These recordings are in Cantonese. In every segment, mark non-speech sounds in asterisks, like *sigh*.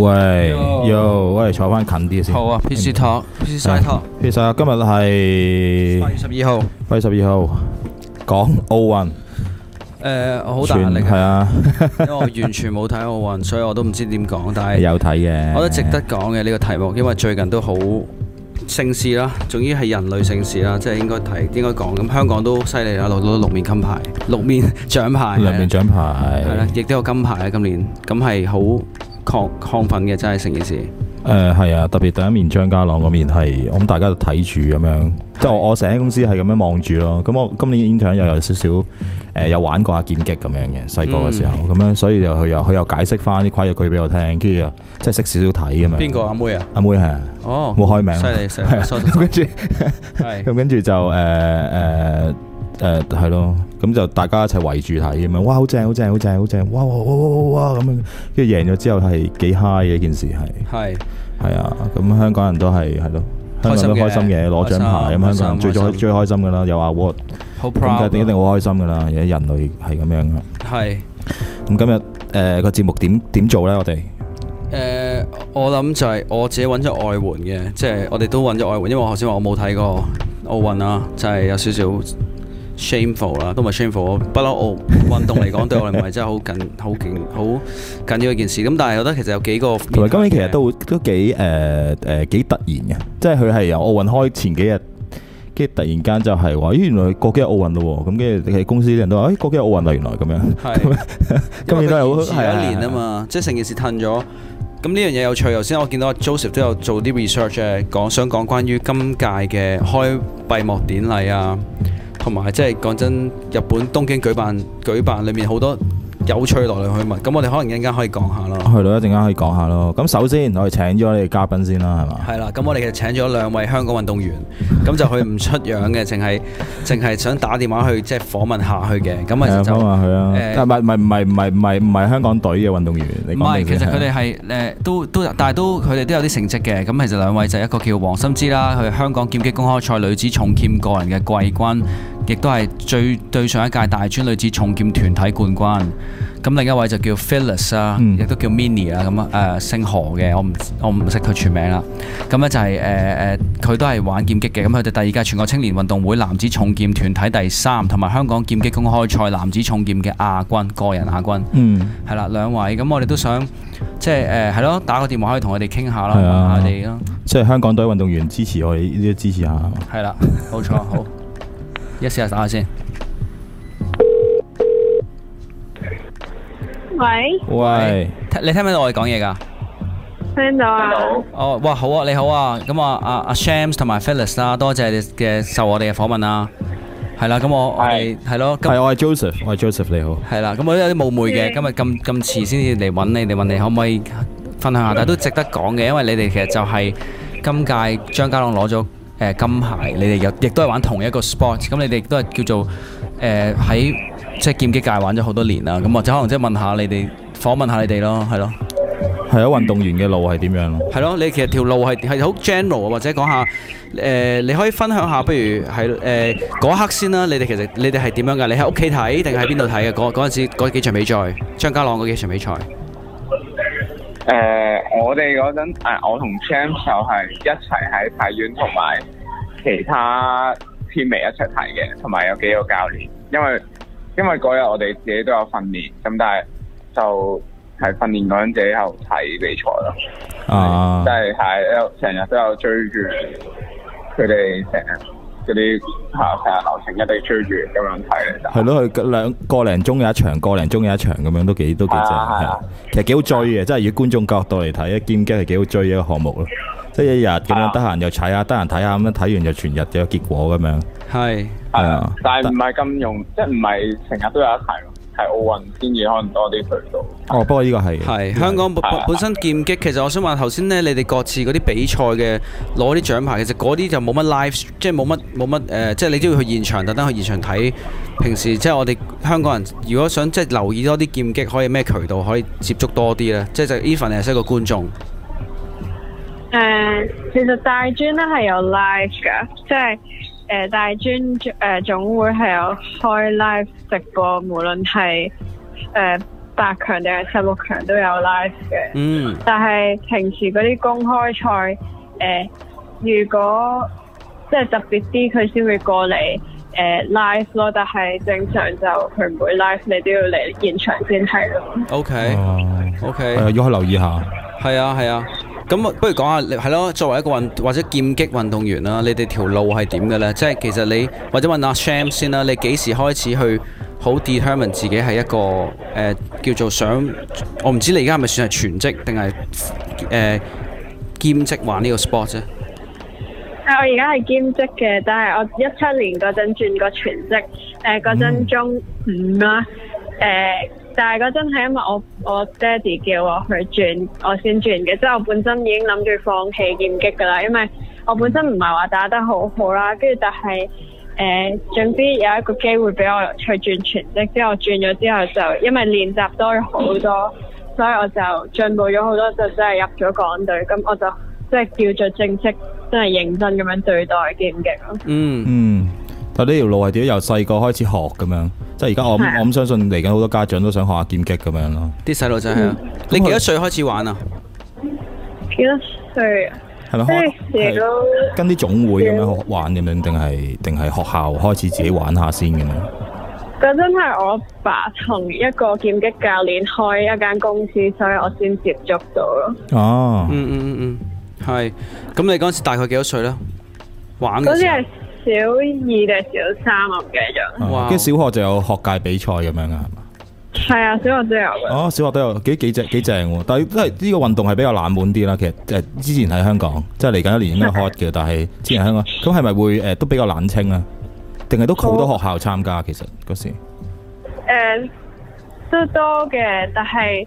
喂，Yo，喂，坐翻近啲先。好啊，Pizzy Talk，Pizzy SideTalk。Pizzy 今日係八月十二號。八月十二號，講奧運。誒，我好大壓力。係啊，因為我完全冇睇奧運，所以我都唔知點講。但係有睇嘅。我覺得值得講嘅呢個題目，因為最近都好盛事啦，總之係人類盛事啦，即係應該提，應該講。咁香港都犀利啦，攞到六面金牌，六面獎牌。六面獎牌。係啦，亦都有金牌啊！今年咁係好。亢奮嘅真係成件事，啊。誒係，呃、啊，特別第一面張家朗個面係，咁大家都睇住咁樣。即係我成間公司係咁樣望住咯。咁我今年 intern 又有少少誒，呃，有玩過阿劍擊咁樣嘅，細個嘅時候咁樣，嗯，所以就佢又佢又解釋翻啲規矩俾我聽，跟住又即係識少少睇咁樣。邊個阿妹啊？阿妹係哦，冇開名，啊嗯。犀利犀利。跟住咁跟住就誒誒。呃啊誒，係咯，咁就大家一齊圍住睇咁樣，哇，好正，好正，好正，好正，哇，哇，哇，哇，哇，咁樣，跟住贏咗之後係幾 high 嘅一件事係，係，係啊，咁香港人都係，係咯，香港都開心嘅，攞獎牌，咁香港人最最最開心噶啦，又話我，一定一定好開心噶啦，而家人類係咁樣噶，係，咁今日誒個節目點點做咧？我哋，誒，我諗就係我自己揾咗外援嘅，即係我哋都揾咗外援，因為我頭先話我冇睇過奧運啊，就係有少少。shameful 啦，都唔係 shameful。不嬲，我運動嚟講對我嚟講唔係真係好緊、好勁、 *laughs* 好緊、緊要一件事。咁但係我覺得其實有幾個，同埋今年其實都都幾誒誒、呃、幾突然嘅，即係佢係由奧運開前幾日，跟住突然間就係話咦原來過幾日奧運咯喎，咁跟住喺公司啲人都話誒過幾日奧運啦，原來咁樣。係是，今年都係係一年啊嘛，即係成件事褪咗。咁呢樣嘢有趣，頭先我見到 Joseph 都有做啲 research 嘅，講想講關於今屆嘅開閉幕典禮啊。同埋即係講真，日本東京舉辦舉辦裏面好多有趣來來去去問，咁我哋可能陣間可以講下咯。係咯，陣間可以講下咯。咁首先我哋請咗你哋嘉賓先啦，係嘛？係啦，咁我哋其實請咗兩位香港運動員，咁就佢唔出樣嘅，淨係淨係想打電話去即係訪問下去嘅。咁其實就訪問佢啊。誒，唔係唔係唔係唔係唔係香港隊嘅運動員。唔係，其實佢哋係誒都都，但係都佢哋都有啲成績嘅。咁其實兩位就係一個叫黃心之啦，佢香港劍擊公開賽女子重劍個人嘅季軍。亦都係最對上一屆大專女子重劍團體冠軍，咁另一位就叫 Phyllis 啊，亦都叫 Minnie 啊，咁啊誒姓何嘅，我唔我唔識佢全名啦。咁、嗯、咧就係誒誒，佢、呃、都係玩劍擊嘅。咁佢哋第二屆全國青年運動會男子重劍團體第三，同埋香港劍擊公開賽男子重劍嘅亞軍，個人亞軍。嗯，係啦，兩位咁我哋都想即係誒係咯，打個電話可的以同佢哋傾下啦，問下佢哋咯。即係香港隊運動員支持我哋呢啲支持下。係啦的，冇錯，好。一試下打下先。喂。喂，你聽唔聽到我講嘢噶？聽到啊。哦，哇，好啊，你好啊，咁啊，阿阿 Shams 同埋 Phyllis 啦，多謝你嘅受我哋嘅訪問啦。係啦，咁我係係咯。係，我係 Joseph，我係 Joseph，你好。係啦，咁我都有啲冒昧嘅，今日咁咁遲先至嚟揾你哋，嚟問你可唔可以分享下，但係都值得講嘅，因為你哋其實就係今屆張家朗攞咗。誒、呃、金牌，你哋亦都係玩同一個 sports，咁、嗯、你哋都係叫做喺、呃、即係劍擊界玩咗好多年啦，咁或者可能即係問下你哋訪問下你哋咯，係咯，係啊，運動員嘅路係點樣咯？係咯，你其實條路係係好 general，或者講下誒、呃，你可以分享下，不如係誒嗰刻先啦。你哋其實你哋係點樣㗎？你喺屋企睇定係邊度睇嘅？嗰嗰陣時嗰幾場比賽，張家朗嗰幾場比賽。誒、呃，我哋嗰陣誒，我同 Champ 就係一齊喺體院同埋其他片尾一齊睇嘅，同埋有幾個教練，因為因為嗰日我哋自己都有訓練，咁但係就係訓練嗰陣自己又睇比賽咯，啊，即係係有成日都有追住佢哋成日。嗰啲、啊、流程一定追住咁樣睇嚟的就係、是、咯，佢兩個零鐘有一場，一個零鐘有一場咁樣都幾都幾正啊！的的其實幾好追嘅，即係的以觀眾角度嚟睇，一劍擊係幾好追嘅一個項目咯。即係的一日咁樣得閒又踩下，得閒睇下咁樣，睇完就全日就有結果咁樣。係係啊，的的但係唔係咁容，但即係唔係成日都有一齊咯。係奧運先至可能多啲渠道哦，不過呢個係係 *laughs* 香港本身劍擊，其實我想話頭先呢，你哋各自嗰啲比賽嘅攞啲獎牌，其實嗰啲就冇乜 live，即係冇乜冇乜誒，即係你都要去現場，特登去現場睇。平時即係我哋香港人如果想即係留意多啲劍擊，可以咩渠道可以接觸多啲呢？即就 even 係識個觀眾誒、呃，其實大專咧係有 live 㗎，即係。誒，大專誒總會係有開 live 直播，無論係誒八強定係十六強都有 live 嘅。嗯。但係平時嗰啲公開賽，誒、呃、如果即係特別啲，佢先會過嚟誒、呃、live 咯。但係正常就佢唔會 live，你都要嚟現場先睇咯。O K，O K，要去留意下。係啊，係啊。咁不如講下，你係咯，作為一個運或者劍擊運動員啦，你哋條路係點嘅咧？即係其實你或者問阿 Sam 先啦，你幾時開始去好 determine 自己係一個誒、呃、叫做想？我唔知你而家係咪算係全職定係誒兼職玩個呢個 sport 啫？誒，我而家係兼職嘅，但係我一七年嗰陣轉個全職，誒嗰陣中五啦、啊。誒、呃。但係嗰陣係因為我我爹哋叫我去轉，我先轉嘅。即係我本身已經諗住放棄劍擊㗎啦，因為我本身唔係話打得好好啦。跟住但係誒，總之有一個機會俾我去轉全職。我之後轉咗之後，就因為練習多咗好多，所以我就進步咗好多，就真係入咗港隊。咁我就即係叫做正式，真係認真咁樣對待劍擊咯。嗯，嗯嗯。呢條、啊、路，係點？由細個開始學咁樣，即係而家我是、啊、我相信嚟緊好多家長都想學下劍擊咁樣咯。啲細路仔，嗯、你幾多歲開始玩啊？幾多歲啊？係咪開？都跟啲總會咁樣玩咁樣，定係定係學校開始自己玩下先嘅咧？嗰陣係我爸，爸同一個劍擊教練開一間公司，所以我先接觸到咯。哦，嗯嗯嗯嗯，係。咁你嗰陣時大概幾多歲呢？玩嘅時候。小二定小三啊，唔記得咗。跟住 Wow. 小學就有學界比賽咁樣噶，係嘛？係啊，小學都有嘅。哦，小學都有幾幾正幾正喎，但係都係呢個運動係比較冷門啲啦。其實誒、呃，之前喺香港，即係嚟緊一年應該 hot 嘅，的但係之前喺香港，咁係咪會誒、呃、都比較冷清啊？定係都好多學校參加其實嗰時？誒多、呃，都多嘅，但係誒、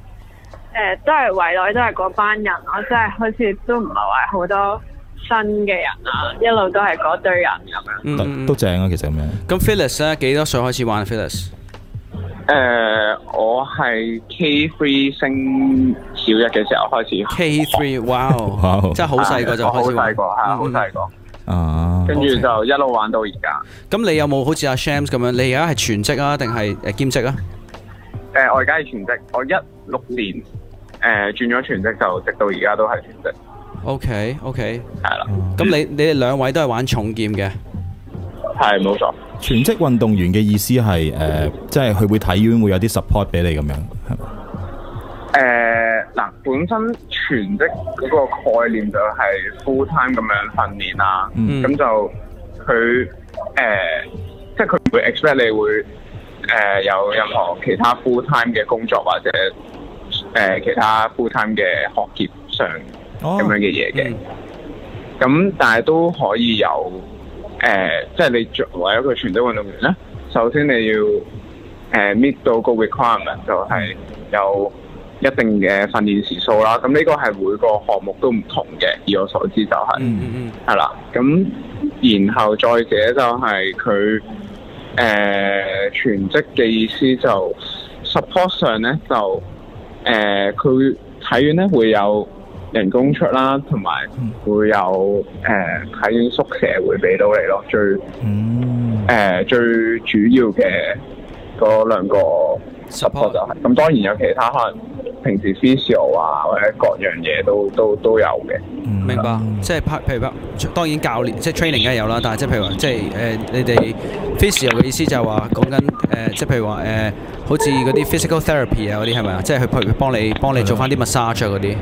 呃、都係圍內都係嗰班人咯，即係好似都唔係話好多。新嘅人啊，一路都係嗰堆人咁、啊、樣、嗯，嗯，都正啊，其實咁樣。咁 Phyllis 咧幾多歲開始玩？Phyllis 誒、呃，我係 K three 升小一嘅時候開始，K three，哇，哇，真係好細個就開始，玩。細吓，好細個，哦，跟住、啊、就一路玩到而家。咁小你有冇好似阿 Shams 咁樣？你而家係全職啊，定係誒兼職啊？誒、呃，我而家係全職，我一六年誒轉咗全職，就直到而家都係全職。O K O K，係啦。咁你你哋兩位都係玩重劍嘅，係冇錯。錯全職運動員嘅意思係誒、呃，即係佢會體院會有啲 support 俾你咁樣。誒、嗯、嗱、呃，本身全職嗰個概念就係 full time 咁樣訓練啊，咁、嗯、就佢誒、呃，即係佢會 expect 你會誒、呃、有任何其他 full time 嘅工作或者誒、呃、其他 full time 嘅學業上。咁樣嘅嘢嘅，咁、哦嗯、但係都可以有，誒、呃，即係你作為一個全職運動員呢，首先你要、呃、meet 到個 requirement，就係有一定嘅訓練時數啦。咁呢個係每個項目都唔同嘅，以我所知就係、是嗯，嗯嗯嗯，係啦。咁然後再者就係佢誒全職嘅意思就 support 上呢，就誒佢體院呢會有，人工出啦，同埋會有誒喺、呃、宿舍會俾到你咯。最誒、嗯呃、最主要嘅嗰兩個 support 就係咁。當然有其他可能，平時 physical 啊或者各樣嘢都都都有嘅、嗯。明白，這樣 即係譬如話，當然教練即係 training 梗係有啦。但係即係譬如話，即係誒、呃、你哋 physical 嘅意思就係話講緊誒、呃，即係譬如話誒、呃，好似嗰啲 physical therapy 啊嗰啲係咪啊？即係去譬如幫你幫你，幫你做翻啲 massage 嗰啲。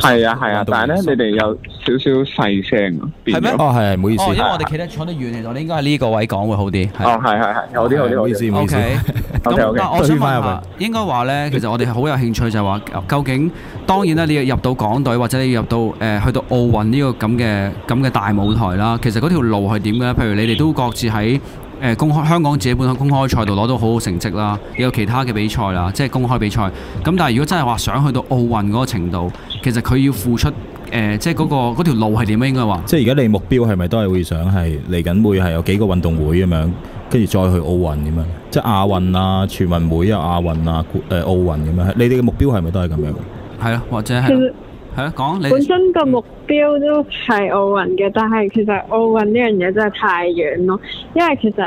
係啊係啊，但係咧，你哋有少少細聲啊，係咩呢、嗯？哦係，唔、啊、好意思。哦、因為我哋企得坐得遠嚟，啊、我哋應該係呢個位講會好啲。啊、哦係係係，我啲我啲，有有有啊、好意思 OK，意思。咁但係我想問下，應該話咧，其實我哋好有興趣就，就係話究竟，當然啦，你要入到港隊或者你要入到誒、呃、去到奧運呢個咁嘅咁嘅大舞台啦，其實嗰條路係點嘅？譬如你哋都各自喺。誒、呃、公開香港自己本身公開賽度攞到好好成績啦，有其他嘅比賽啦，即係公開比賽。咁但係如果真係話想去到奧運嗰個程度，其實佢要付出誒、呃，即係嗰、嗰個條路係點樣？應該話即係而家你目標係咪都係會想係嚟緊會係有幾個運動會咁樣，跟住再去奧運咁樣，即係亞運啊、全運會啊、亞運啊、誒、呃、奧運咁樣。你哋嘅目標係咪都係咁樣？係啊，或者係。本身個目標都係奧運嘅，但係其實奧運呢樣嘢真係太遠咯。因為其實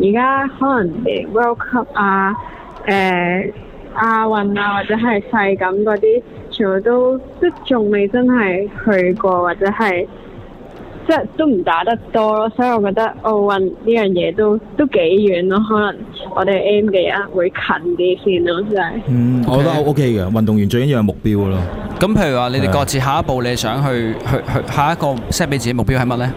而家可能連 World Cup 啊、誒亞運啊，或者係世錦嗰啲，全部都即仲未真係去過或者係。即係都唔打得多咯，所以我覺得奧運呢樣嘢都都幾遠咯，可能我哋 aim 嘅啊會近啲先咯，真係。嗯，我覺得 OK 嘅，運動員最緊要係目標咯。咁譬如話，你哋各自下一步你係想去去去下一個 set 俾自己目標係乜呢？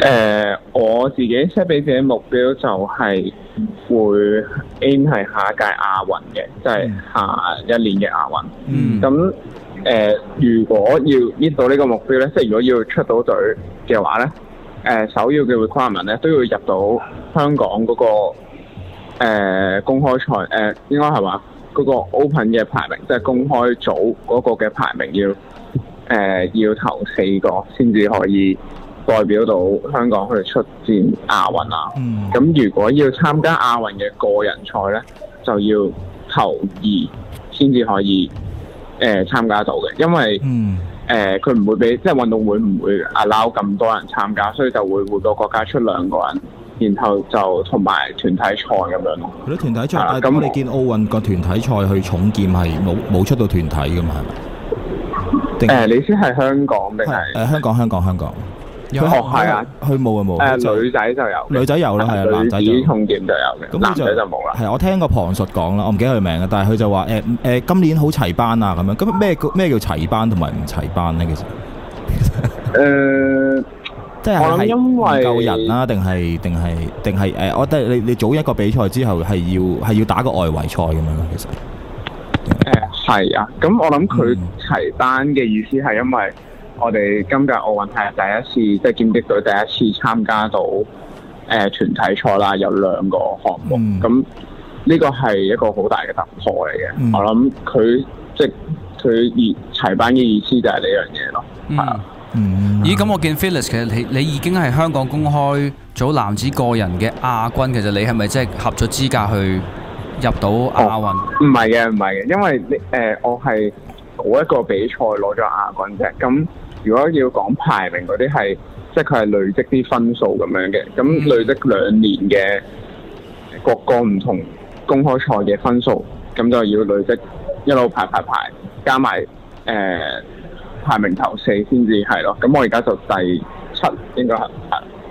誒，我自己 set 俾自己目標就係會 aim 係下一屆亞運嘅，即係下一年嘅亞運。嗯。咁。誒、呃，如果要 reach 到呢個目標呢，即係如果要出到隊嘅話呢。誒、呃、首要嘅 requirement 呢都要入到香港嗰、那個、呃、公開賽，誒、呃、應該係話，嗰、那個 open 嘅排名，即係公開組嗰個嘅排名要誒、呃、要頭四個先至可以代表到香港去出戰亞運啊。嗯。咁如果要參加亞運嘅個人賽呢，就要頭二先至可以。誒，參、呃、加到嘅，因為，誒、嗯，佢唔、呃、會俾，即係運動會唔會 allow 咁多人參加，所以就會每個國家出兩個人，然後就同埋團體賽咁樣咯。嗰啲團體賽，咁你我見奧運個團體賽去重劍係冇冇出到團體㗎嘛？誒、 *laughs* 呃，你先係香港定係誒香港香港香港。佢學係啊，佢冇啊冇。誒女仔就有，女仔有啦，係啊，男仔充電就有嘅。咁男仔就冇啦。係啊，我聽過旁述講啦，我唔記得佢名啊，但係佢就話誒誒今年好齊班啊咁樣。咁咩叫咩叫齊班同埋唔齊班呢？其實誒，即係因為夠人啦，定係定係定係誒？我即得覺得你你早一個比賽之後係要係要打個外圍賽咁樣咯。其實誒係啊。咁我諗佢齊班嘅意思係因為。我哋今屆奧運係第一次，即係劍擊隊第一次參加到誒團、呃、體賽啦，有兩個項目。咁呢、嗯、個係一個好大嘅突破嚟嘅。嗯、我諗佢即係佢而齊班嘅意思就係呢樣嘢咯。係啊，咦？咁我見 Phillips 其實你你已經係香港公開組男子個人嘅亞軍，其實你係咪即係合咗資格去入到亞運？唔係嘅，唔係嘅，因為誒、呃、我係嗰一個比賽攞咗亞軍啫。咁、嗯如果要講排名嗰啲係，即係佢係累積啲分數咁樣嘅，咁累積兩年嘅各個唔同公開賽嘅分數，咁就要累積一路排排排，加埋誒、呃、排名頭四先至係咯。咁我而家就第七，應該係。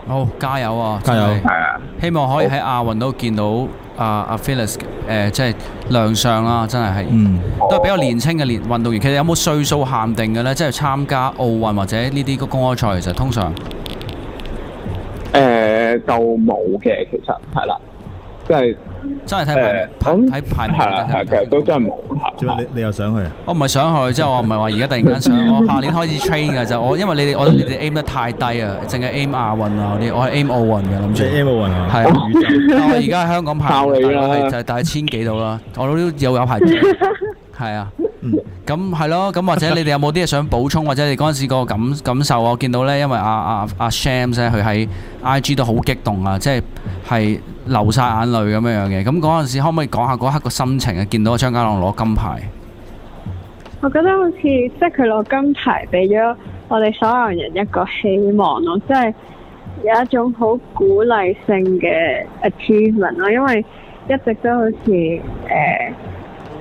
好、哦、加油啊！就是、加油，係啊的！的希望可以喺亞運都見到。啊！阿菲拉斯誒即係亮相啦，真係，係、嗯、都係比較年輕嘅年運動員。其實有冇歲數限定嘅咧？即係參加奧運或者呢啲公開賽，其實通常誒、呃、就冇嘅，其實。係啦。真係真係睇排，睇排係啊，其實都真係冇排。做咩你你又想去？我唔係想去，即係我唔係話而家突然間想，我下年開始 train 嘅就我，因為你哋我你哋 aim 得太低啊，淨係 aim 亞運啊啲，我係 aim 奧運嘅諗住。係啊？但我而家香港排就係大千幾度啦，我都都有排。係啊。嗯，咁係咯，咁或者你哋有冇啲嘢想補充，或者你嗰陣時個感感受啊？我見到咧，因為阿阿阿 Sam 咧，佢喺 IG 都好激動啊，即係係流晒眼淚咁樣樣嘅。咁嗰陣時可唔可以講下嗰刻個心情啊？見到張家朗攞金牌，我覺得好似即係佢攞金牌，俾咗我哋所有人一個希望咯，即係有一種好鼓勵性嘅 achievement 咯，因為一直都好似誒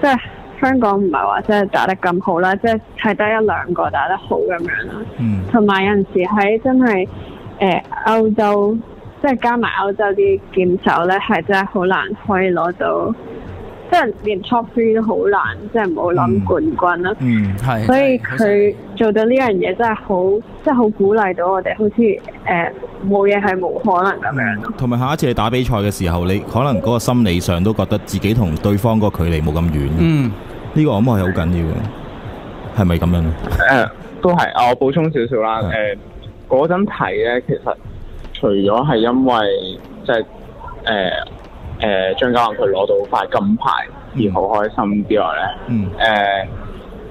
即係。香港唔係話真係打得咁好啦，即係得一兩個打得好咁樣啦。嗯。同埋有陣時喺真係誒、呃、歐洲，即係加埋歐洲啲劍手咧，係真係好難可以攞到，即係連 top three 都好難，即係冇諗冠軍啦、嗯。嗯，係。所以佢做到呢樣嘢真係好，即係好鼓勵到我哋，好似誒冇嘢係冇可能咁樣。同埋、嗯、下一次你打比賽嘅時候，你可能嗰個心理上都覺得自己同對方個距離冇咁遠。嗯。呢個我諗係好緊要嘅，係咪咁樣？誒、呃，都係。我補充少少啦。誒的，嗰陣睇咧，其實除咗係因為即係誒誒張家朗佢攞到塊金牌而好開心之外咧，誒、嗯呃，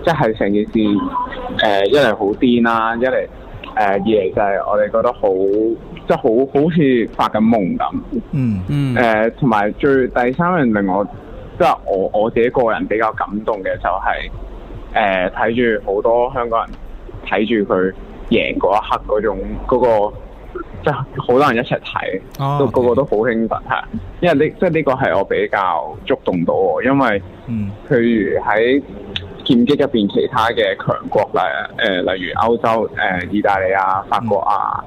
即係成件事誒一嚟好癲啦，一嚟誒、呃、二嚟就係我哋覺得即好即係好好似發緊夢咁、嗯。嗯嗯。誒、呃，同埋最第三樣令我。即係我我自己個人比較感動嘅就係誒，睇住好多香港人睇住佢贏嗰一刻嗰種嗰、嗰個即係好多人一齊睇，哦、都個個都好興奮嚇。白因為呢即係呢個係我比較觸動到，因為、嗯、譬如喺劍擊入邊其他嘅強國咧，誒、呃、例如歐洲誒、呃、意大利啊、法國啊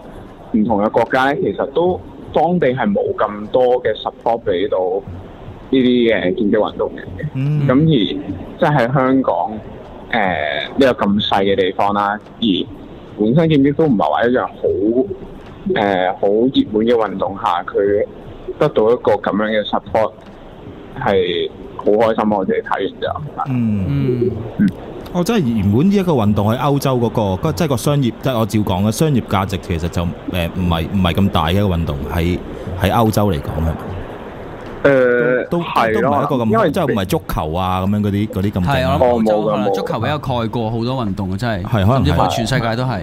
唔、嗯、同嘅國家咧，其實都當地係冇咁多嘅 support 俾到。呢啲嘅健美運動嘅，咁、mm. 而即係喺香港誒呢、呃這個咁細嘅地方啦，而本身健美都唔係話一樣好誒好熱門嘅運動下，佢得到一個咁樣嘅 support 係好開心，我哋睇完之後嗯嗯嗯，我真係原本呢一個運動喺歐洲嗰、那個，即、就、係、是、個商業，即、就、係、是、我照講啦，商業價值其實就誒唔係唔係咁大嘅一個運動，喺喺歐洲嚟講嘅。誒都係咯，因為即係唔係足球啊咁樣嗰啲啲咁嘅項目嘅我諗澳洲足球比較蓋過好多運動啊，真係。係，可能全世界都係。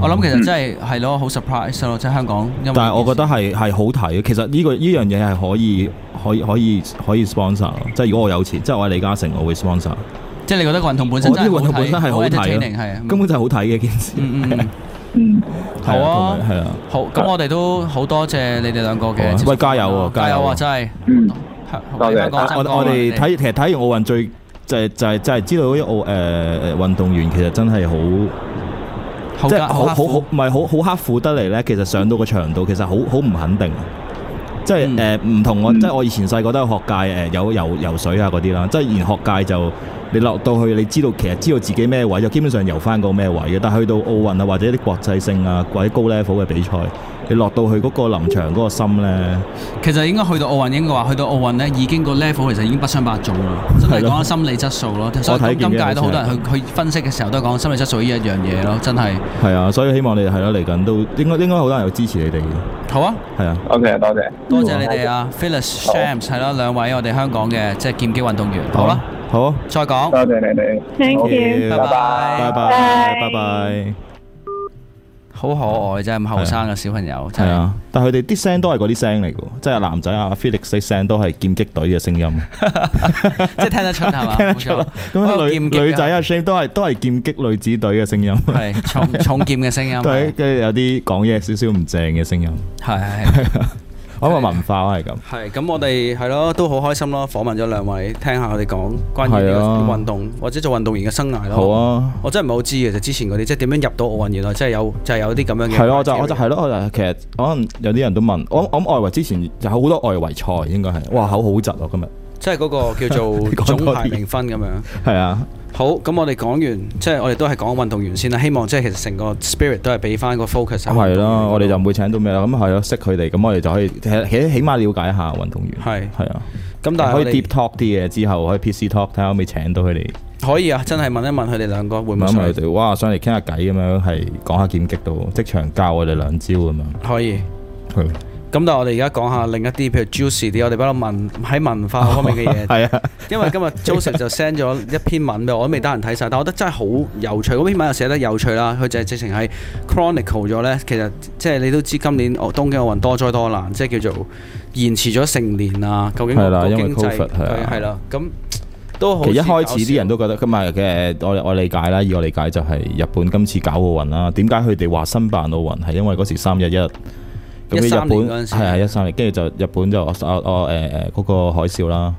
我諗其實真係係咯，好 surprise 咯，即係香港。但係我覺得係係好睇嘅，其實呢個呢樣嘢係可以可以可以可以 sponsor。即係如果我有錢，即係我係李嘉誠，我會 sponsor。即係你覺得運動本身，我覺得運動本身係好睇咯。根本就係好睇嘅一件事。嗯，好啊，係啦，好，咁我哋都好多謝你哋兩個嘅。喂，加油啊，加油啊，真係，我哋睇其實睇完奧運最就係就係就係知道嗰啲奧誒誒運動員其實真係好即係好好好唔係好好刻苦得嚟咧，其實上到個場度其實好好唔肯定，即係誒唔同我即係我以前細個都有學界誒有游游水啊嗰啲啦，即係以前學界就。你落到去，你知道其實知道自己咩位，就基本上遊翻個咩位嘅。但係去到奧運啊，或者啲國際性啊，或者高 level 嘅比賽，你落到去嗰個臨場嗰個心呢，其實應該去到奧運應該話，去到奧運呢，已經個 level 其實已經不相伯仲啦。真係講心理質素咯。其實我睇今屆都好多人去分析嘅時候都講心理質素呢一樣嘢咯。真係。係呀。所以希望你係咯，嚟緊都應該應該好多人有支持你哋嘅。好呀。係呀。Okay，多謝多謝，多謝你哋呀。Phyllis、Shams，係啦，兩位我哋香港嘅，即係劍擊運動員。好啦。好，再講。多謝你哋。Thank you。拜拜拜拜拜拜。好可愛真係，咁後生嘅小朋友。係啊，但係佢哋啲聲都係嗰啲聲嚟嘅，即係男仔啊，Felix 啲聲都係劍擊隊嘅聲音，即係聽得出係嘛？冇錯。咁啊，女女仔啊，嘅聲都係都係劍擊女子隊嘅聲音，係重重劍嘅聲音。對，跟住有啲講嘢少少唔正嘅聲音。係係係。咁個文化係咁，係咁我哋係咯，都好開心咯。訪問咗兩位，聽下我哋講關於呢個運動，啊、或者做運動員嘅生涯咯。好啊！我真係唔係好知其實之前嗰啲即係點樣入到奧運，原來真係有就係有啲咁樣嘅。係咯，就係啊、我就係咯，我就其實可能有啲人都問我，我我諗外圍之前就好多外圍賽應該係，哇口好窒啊今日，即係嗰個叫做總排名分咁樣。係 *laughs* *laughs* 啊。好，咁我哋講完，即係我哋都係講運動員先啦。希望即係其實成個 spirit 都係俾翻個 focus、嗯。咁係咯，我哋就唔會請到咩啦。咁係咯，啊、識佢哋，咁、嗯、我哋就可以起起起碼了解一下運動員。係係是啊。咁但係可以 deep talk 啲嘅之後，可以 pc talk 睇下可唔可以請到佢哋。可以啊，真係問一問佢哋兩個會唔會？問佢哋，哇，上嚟傾下偈咁樣，係講下劍擊到，即場教我哋兩招咁樣。可以。係。咁但係我哋而家講下另一啲，譬如 Juicy 啲，我哋不到文喺文化方面嘅嘢。係 *laughs* 啊，因為今日 Juicy 就 send 咗一篇文畀我，我都未得閒睇晒。但我覺得真係好有趣。嗰篇文又寫得有趣啦，佢就係直情係 chronicle 咗咧。其實即係你都知今年東京奧運多災多難，即係叫做延遲咗成年究竟啊。係啦，因為 covid 係啊，係啦，咁、啊、都好。其實一開始啲 *laughs* 人都覺得，今日嘅我我理解啦，以我理解就係日本今次搞奧運啦。點解佢哋話申辦奧運係因為嗰時三一一？一三年嗰陣時，係啊一三年，跟住 ín 就日本就哦哦誒誒嗰個海嘯啦。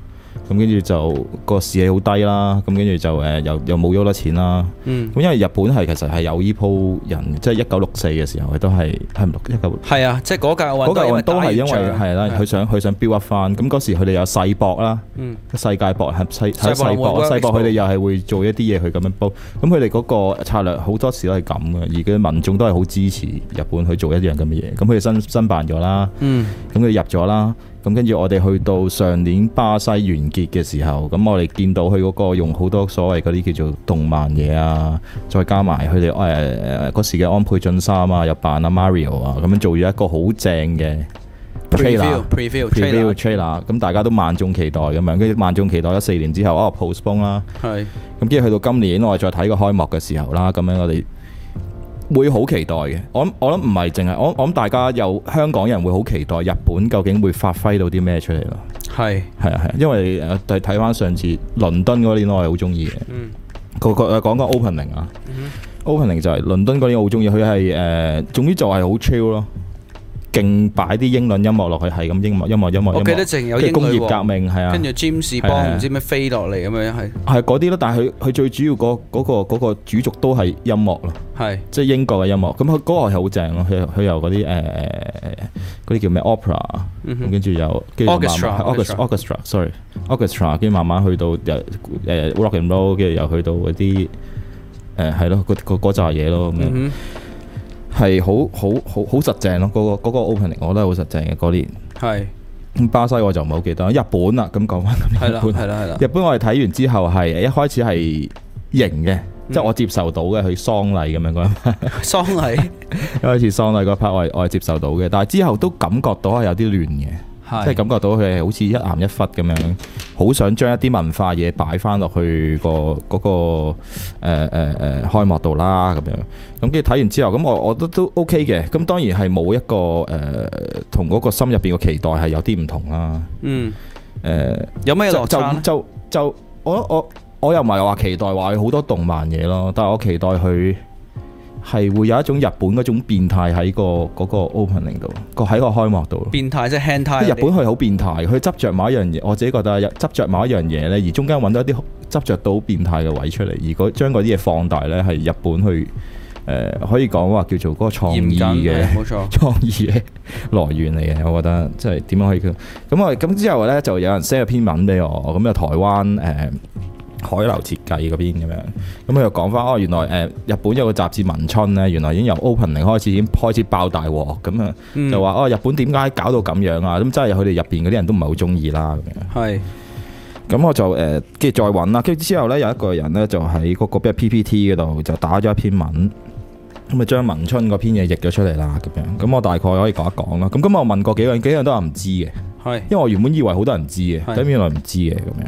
咁跟住就個士氣好低啦，咁跟住就誒又又冇咗多錢啦。咁、嗯、因為日本係其實係有依鋪人，即係一九六四嘅時候，佢都係睇唔到一九六係啊，即係嗰屆嗰屆人都係因為係啦，佢、啊、想去是的 想飆一翻。咁嗰時佢哋有世博啦，嗯、世界博喺世喺世博，世博佢哋又係會做一啲嘢去咁樣煲。咁佢哋嗰個策略好多時都係咁嘅，而佢民眾都係好支持日本去做一樣咁嘅嘢。咁佢哋申申辦咗啦，咁佢哋入咗啦。咁跟住我哋去到上年巴西完結嘅時候，咁我哋見到佢嗰個用好多所謂嗰啲叫做動漫嘢啊，再加埋佢哋誒誒嗰時嘅安倍晉三啊，又扮啊 Mario 啊，咁樣做咗一個好正嘅 trailer trailer，咁大家都萬眾期待咁樣，跟住萬眾期待咗四年之後哦 postpone 啦，係咁跟住去到今年我哋再睇個開幕嘅時候啦，咁樣我哋。會好期待嘅，我我諗唔係淨係，我我諗大家有香港人會好期待日本究竟會發揮到啲咩出嚟咯。係係啊係，因為睇睇翻上次倫敦嗰啲我係好中意嘅。嗯，個個講個 opening 啊，嗯，opening 就係倫敦嗰啲我好中意，佢係誒，總之就係好 chill 咯。勁擺啲英倫音樂落去，係咁英樂音樂音樂。我記得淨有啲工業革命係啊，跟住 James Bond，唔知咩飛落嚟咁樣係。係嗰啲咯，但係佢佢最主要個嗰個主軸都係音樂咯。係，即係英國嘅音樂。咁佢歌係好正咯。佢佢由嗰啲誒嗰啲叫咩 Opera，跟住又 Orchestra，Orchestra，sorry，Orchestra，跟住慢慢去到又 Rock and Roll，跟住又去到嗰啲誒係咯嗰嗰拃嘢咯咁樣。係好好好好實正咯，嗰、嗰個嗰個 opening 我都係好實正嘅嗰年。係是，巴西我就唔好記得。日本啊，咁講翻。係啦，係啦，係啦。日本，日本我哋睇完之後係一開始係型嘅，即係、嗯、我接受到嘅佢喪禮咁樣嗰 part 喪禮， *laughs* 一開始喪禮嗰 part 我係我係接受到嘅，但係之後都感覺到係有啲亂嘅。即係感覺到佢係好似一岩一忽咁樣，好想將一啲文化嘢擺翻落去個嗰個誒誒誒開幕度啦咁樣。咁跟住睇完之後，咁我我都都 OK 嘅。咁當然係冇一個誒同嗰個心入邊嘅期待係有啲唔同啦。嗯。誒、呃，有咩落差？就就就我我我又唔係話期待話佢好多動漫嘢咯，但係我期待佢。係會有一種日本嗰種變態喺個嗰個 opening 度，個喺個開幕度咯。變態即係 hand 太。即係日本佢好變態，佢執着某一樣嘢，我自己覺得啊，執着某一樣嘢呢，而中間揾到一啲執着到好變態嘅位出嚟，如果將嗰啲嘢放大呢，係日本去誒、呃，可以講話叫做嗰個創意嘅，冇錯，創意嘅來源嚟嘅。我覺得即係點樣可以叫咁啊？咁之後呢，就有人 send 篇文俾我，咁就台灣誒。呃海流設計嗰邊咁樣，咁佢又講翻哦，原來誒、呃、日本有個雜誌《文春》咧，原來已經由 Opening 開始已經開始爆大鑊咁啊，就話、嗯、哦日本點解搞到咁樣啊？咁真係佢哋入邊嗰啲人都唔係好中意啦咁樣。係。咁是我就誒跟住再揾啦，跟住之後呢，有一個人呢就喺嗰、嗰個邊、嗰個、PPT 嗰度就打咗一篇文，咁啊將文春嗰篇嘢譯咗出嚟啦咁樣，咁我大概可以講一講啦。咁咁我問過幾個人幾樣都話唔知嘅，係是因為我原本以為好多人知嘅，咁是原來唔知嘅咁樣。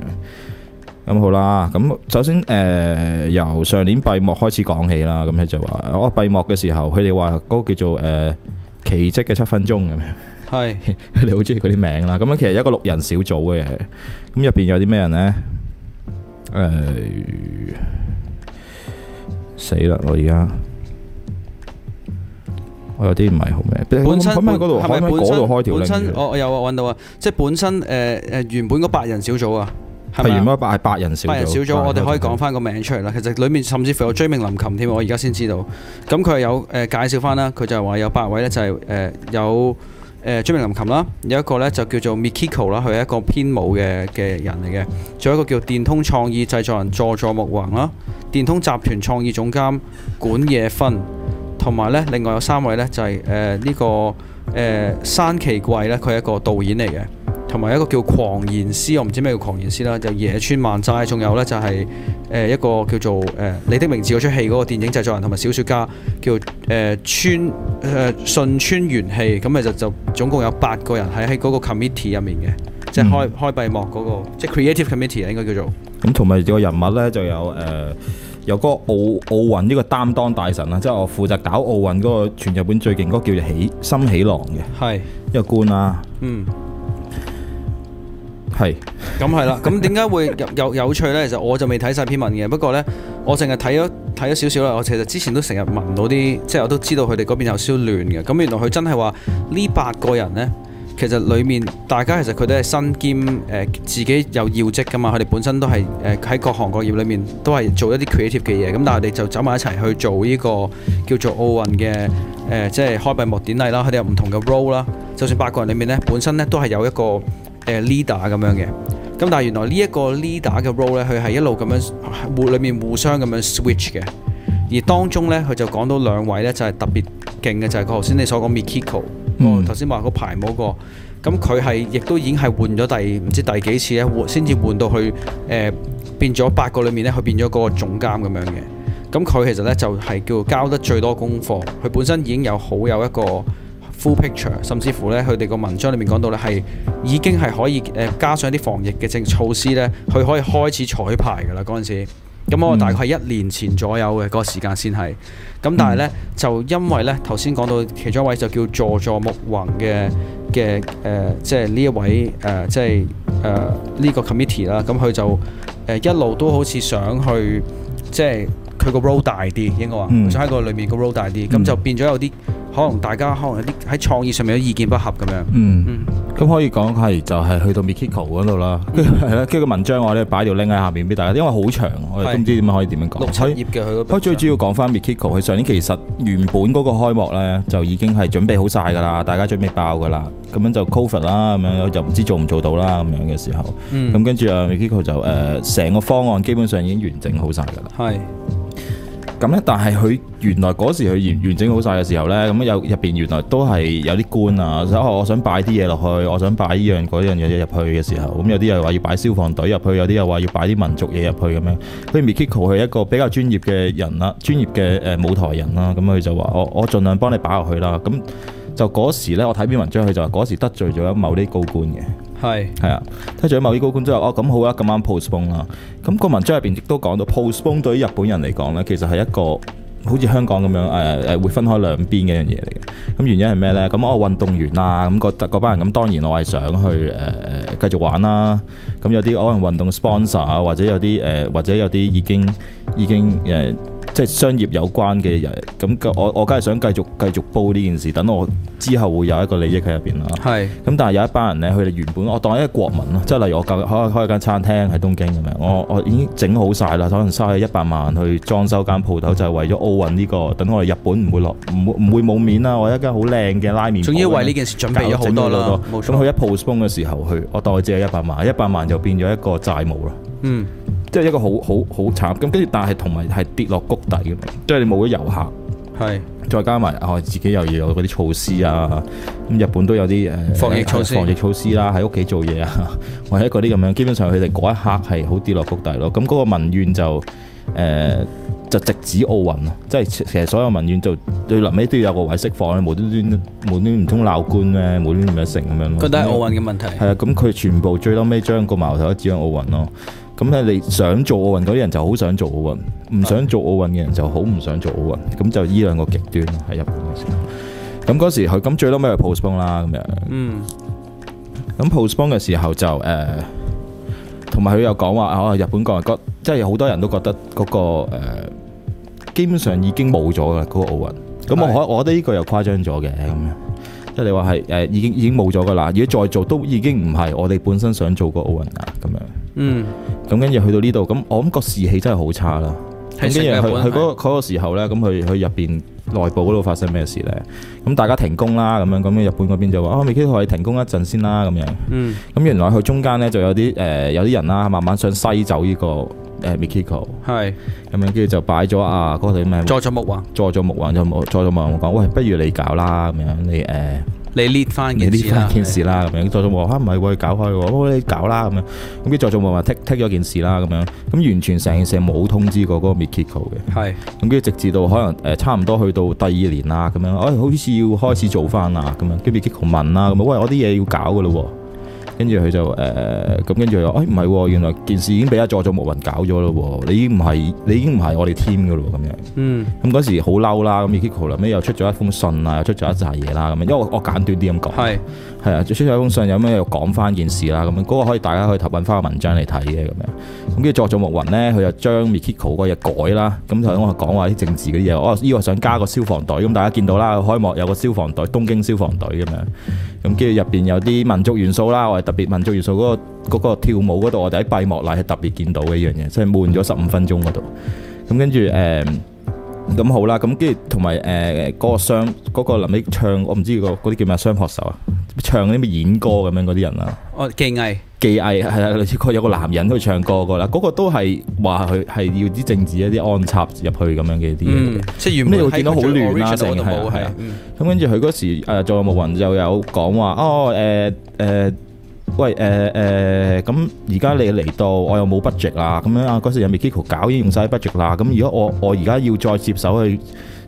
咁、嗯、好啦，咁首先誒、呃、由上年閉幕開始講起啦，咁佢就話我閉幕嘅時候，佢哋話嗰個叫做誒、呃、奇蹟嘅七分鐘咁樣。係是，佢哋好中意嗰啲名啦。咁樣其實一個六人小組嘅咁入邊有啲咩人呢？誒死啦！我而家我有啲唔係好明。本身係咪嗰度？係咪嗰度開條令？哦，有啊，揾到啊，即係本身誒誒、呃、原本個八人小組啊。係咪？如果係八人小組，八人小組我哋可以講翻個名出嚟啦。其實裡面甚至乎有追名林琴添，我而家先知道。咁佢係有誒、呃、介紹翻啦。佢就係話有八位咧，就係、是、誒、呃、有誒、呃、追名林琴啦，有一個咧就叫做 Mikiko 啦，佢係一個編舞嘅嘅人嚟嘅。仲有一個叫電通創意製作人佐佐木宏啦，電通集團創意總監管野芬。同埋咧另外有三位咧就係誒、呢個誒、呃、山崎貴咧，佢係一個導演嚟嘅。同埋一個叫狂言師，我唔知咩叫狂言師啦，就野村萬斎。仲有咧就係誒一個叫做誒你、呃、的名字嗰出戲嗰個電影製作人同埋小説家叫誒川誒川村元氣。咁咪就就，就總共有八個人喺喺嗰個 committee 入面嘅，即係開、嗯、開閉幕嗰、那個，即係 creative committee 啊，應該叫做。咁同埋個人物咧就有誒、呃、有個奧奧運呢個擔當大臣啦，即、就、係、是、我負責搞奧運嗰個全日本最勁嗰個叫喜森喜朗嘅，係是一個官啦、啊。嗯。係，咁係啦，咁點解會有有，有趣呢？其實我就未睇晒篇文嘅，不過呢，我淨係睇咗睇咗少少啦。我其實之前都成日聞到啲，即係我都知道佢哋嗰邊有少亂嘅。咁原來佢真係話呢八個人呢，其實裏面大家其實佢都係身兼誒、呃、自己有要職噶嘛。佢哋本身都係誒喺各行各業裏面都係做一啲 creative 嘅嘢。咁但係佢哋就走埋一齊去做呢、這個叫做奧運嘅，即係開閉幕典禮啦。佢哋有唔同嘅 role 啦。就算八個人裏面呢，本身呢都係有一個。誒、呃、leader 咁樣嘅，咁但係原來呢一個 leader 嘅 role 咧，佢係一路咁樣裡面互相咁樣 switch 嘅，而當中咧佢就講到兩位咧就係、是、特別勁嘅，就係佢頭先你所講 Mikiko，頭先話、嗯、個排冇個，咁佢係亦都已經係換咗第唔知第幾次咧換先至換到去誒、呃、變咗八個裡面咧，佢變咗個總監咁樣嘅，咁佢其實咧就係、是、叫交得最多功課，佢本身已經有好有一個。Full picture，甚至乎咧，佢哋個文章裏面講到咧，係已經係可以誒、呃、加上啲防疫嘅政策措施咧，佢可以開始彩排㗎啦。嗰陣時，咁我大概係一年前左右嘅、嗰個時間先係。咁但係咧，嗯、就因為咧頭先講到其中一位就叫佐佐木宏嘅嘅誒，即係呢一位誒、呃，即係誒呢個 committee 啦。咁佢就誒一路都好似想去，即係佢個 role 大啲，應該話、嗯、想喺個裏面個 role 大啲。咁就變咗有啲。嗯可能大家可能啲喺創意上面有意見不合咁樣。嗯，咁、嗯、可以講係就係去到 Mikiko 嗰度啦。係啦、嗯，跟住個文章我咧擺條 link 喺下面俾大家，因為好長，是我哋都唔知點樣可以點樣講。六七頁嘅佢以個。佢最主要講翻 Mikiko，佢上年其實原本嗰個開幕咧就已經係準備好晒㗎啦，大家準備爆㗎啦。咁樣就 Covid 啦，咁樣就唔知做唔做到啦，咁樣嘅時候。嗯。咁跟住啊，Mikiko 就誒成、呃、個方案基本上已經完整好晒㗎啦。係是。咁咧，但係佢原來嗰時佢完完整好晒嘅時候呢，咁有入邊原來都係有啲官啊，想我想擺啲嘢落去，我想擺呢樣嗰樣嘢入去嘅時候，咁有啲又話要擺消防隊入去，有啲又話要擺啲民族嘢入去咁樣。所以 Mikiko 係一個比較專業嘅人啦，專業嘅誒舞台人啦，咁佢就話我我盡量幫你擺落去啦。咁就嗰時呢，我睇篇文章，佢就話嗰時得罪咗某啲高官嘅。係係啊，睇住某啲高官之後，哦咁好啊，咁啱 postpone 啦。咁個文章入邊亦都講到 postpone 對於日本人嚟講咧，其實係一個好似香港咁樣誒誒、哎哎哎，會分開兩邊嘅樣嘢嚟嘅。咁原因係咩咧？咁我、哦、運動員啊，咁、那個特班、那個、人咁，當然我係想去誒、呃、繼續玩啦。咁有啲可能運動 sponsor 啊，或者有啲誒、呃，或者有啲已經已經誒。呃即係商業有關嘅人，咁我我梗係想繼續繼續煲呢件事，等我之後會有一個利益喺入邊啦。係。咁但係有一班人呢，佢哋原本我當一個國民咯，即係例如我開開間餐廳喺東京咁樣，我我已經整好晒啦，可能嘥咗一百萬去裝修間鋪頭，就係為咗奧運呢個，等我哋日本唔會落唔會冇面啦，我一間好靚嘅拉麵。仲要為呢件事準備咗好多啦。咁佢一 postpone 嘅時候去，我當佢借一百萬，一百萬就變咗一個債務啦。嗯。即係一個好好好慘咁，跟住但係同埋係跌落谷底嘅，即係你冇咗遊客，係再加埋我自己又要有嗰啲措施啊。咁日本都有啲誒防疫措施、防疫措施啦，喺屋企做嘢啊，或者嗰啲咁樣。基本上佢哋嗰一刻係好跌落谷底咯。咁嗰個民怨就誒就直指奧運咯。即係其實所有民怨就最臨尾都要有個位釋放嘅，無端端無端唔通鬧官咧，無端唔得成咁樣咯。覺得奧運嘅問題係啊，咁佢全部最臨尾將個矛頭指向奧運咯。咁咧，你想做奧運嗰啲人就好想做奧運，唔想做奧運嘅人就好唔想做奧運。咁就依兩個極端喺日本嘅時候。咁嗰時佢咁最多咪係 postpone 啦，咁樣。嗯。咁 postpone 嘅時候就誒，同埋佢又講話啊，日本國人覺即係好多人都覺得嗰個誒，基本上已經冇咗噶嗰個奧運。咁我我我覺得呢個又誇張咗嘅咁樣，即係你話係誒已經已經冇咗噶啦。如果再做都已經唔係我哋本身想做個奧運啦咁樣。嗯，咁跟住去到呢度，咁我諗個士氣真係好差啦。咁跟住佢佢嗰個時候咧，咁佢佢入邊內部嗰度發生咩事咧？咁大家停工啦，咁樣咁日本嗰邊就話啊，Mexico 你停工一陣先啦，咁樣。嗯。咁原來佢中間咧就有啲誒、呃、有啲人啦，慢慢想篩走呢、這個誒 Mexico。係、呃。咁樣跟住就擺咗啊嗰咩？助、嗯、木王。助左木王就冇助左木王講，喂，不如你搞啦咁樣你誒、呃。你列翻件事啦，咁樣 *noise* 再做話嚇唔係我搞開喎，哦、啊、你搞啦咁樣，咁跟住再做話話剔剔咗件事啦，咁樣，咁完全成件事冇通知過嗰個 Mikiko 嘅，係是，咁跟住直至到可能誒、呃、差唔多去到第二年啦，咁樣，誒、哎、好似要開始做翻啦，咁樣，跟 Mikiko 問啦，咁啊喂，我啲嘢要搞㗎咯喎。 *noise* 跟住佢就誒咁、呃，跟住又，哎唔係喎，原來件事已經俾一佐佐木雲搞咗咯喎，你已經唔係，你已經唔係我哋 team 嘅咯咁樣。嗯。咁嗰、嗯、時好嬲啦，咁 Kiko 啦，後尾又出咗一封信啊，又出咗一紮嘢啦，咁樣，因為我，我簡短啲咁講。係。係啊，最出咗封信，有咩又講翻件事啦咁樣，嗰、那個可以大家可以頭揾翻個文章嚟睇嘅咁樣。咁跟住作咗木雲呢，佢又將 Mikiko 嗰嘢改啦。咁頭先我講話啲政治嗰啲嘢，我呢個想加個消防隊，咁大家見到啦，開幕有個消防隊，東京消防隊咁樣。咁跟住入邊有啲民族元素啦，我係特別民族元素嗰、那個那個跳舞嗰度，我哋喺閉幕禮係特別見到嘅一樣嘢，即係悶咗十五分鐘嗰度。咁跟住誒，咁、嗯、好啦，咁跟住同埋誒嗰個雙嗰、那個林力唱，我唔知、那個嗰啲、那個、叫咩雙學手啊？唱啲咩演歌咁樣嗰啲人啊？哦，技藝，技藝係啊，類似過有個男人去唱歌個啦，嗰、嗰個都係話佢係要啲政治一啲安插入去咁樣嘅啲嘢，即係原本你會見到好亂啦係啊，咁跟住佢嗰時仲有無雲就有講話，哦誒誒。呃呃。喂，誒誒，咁而家你嚟到，我又冇 budget 啦，咁樣啊，嗰時有 Michael 搞已經用曬 budget 啦，咁如果我我而家要再接手去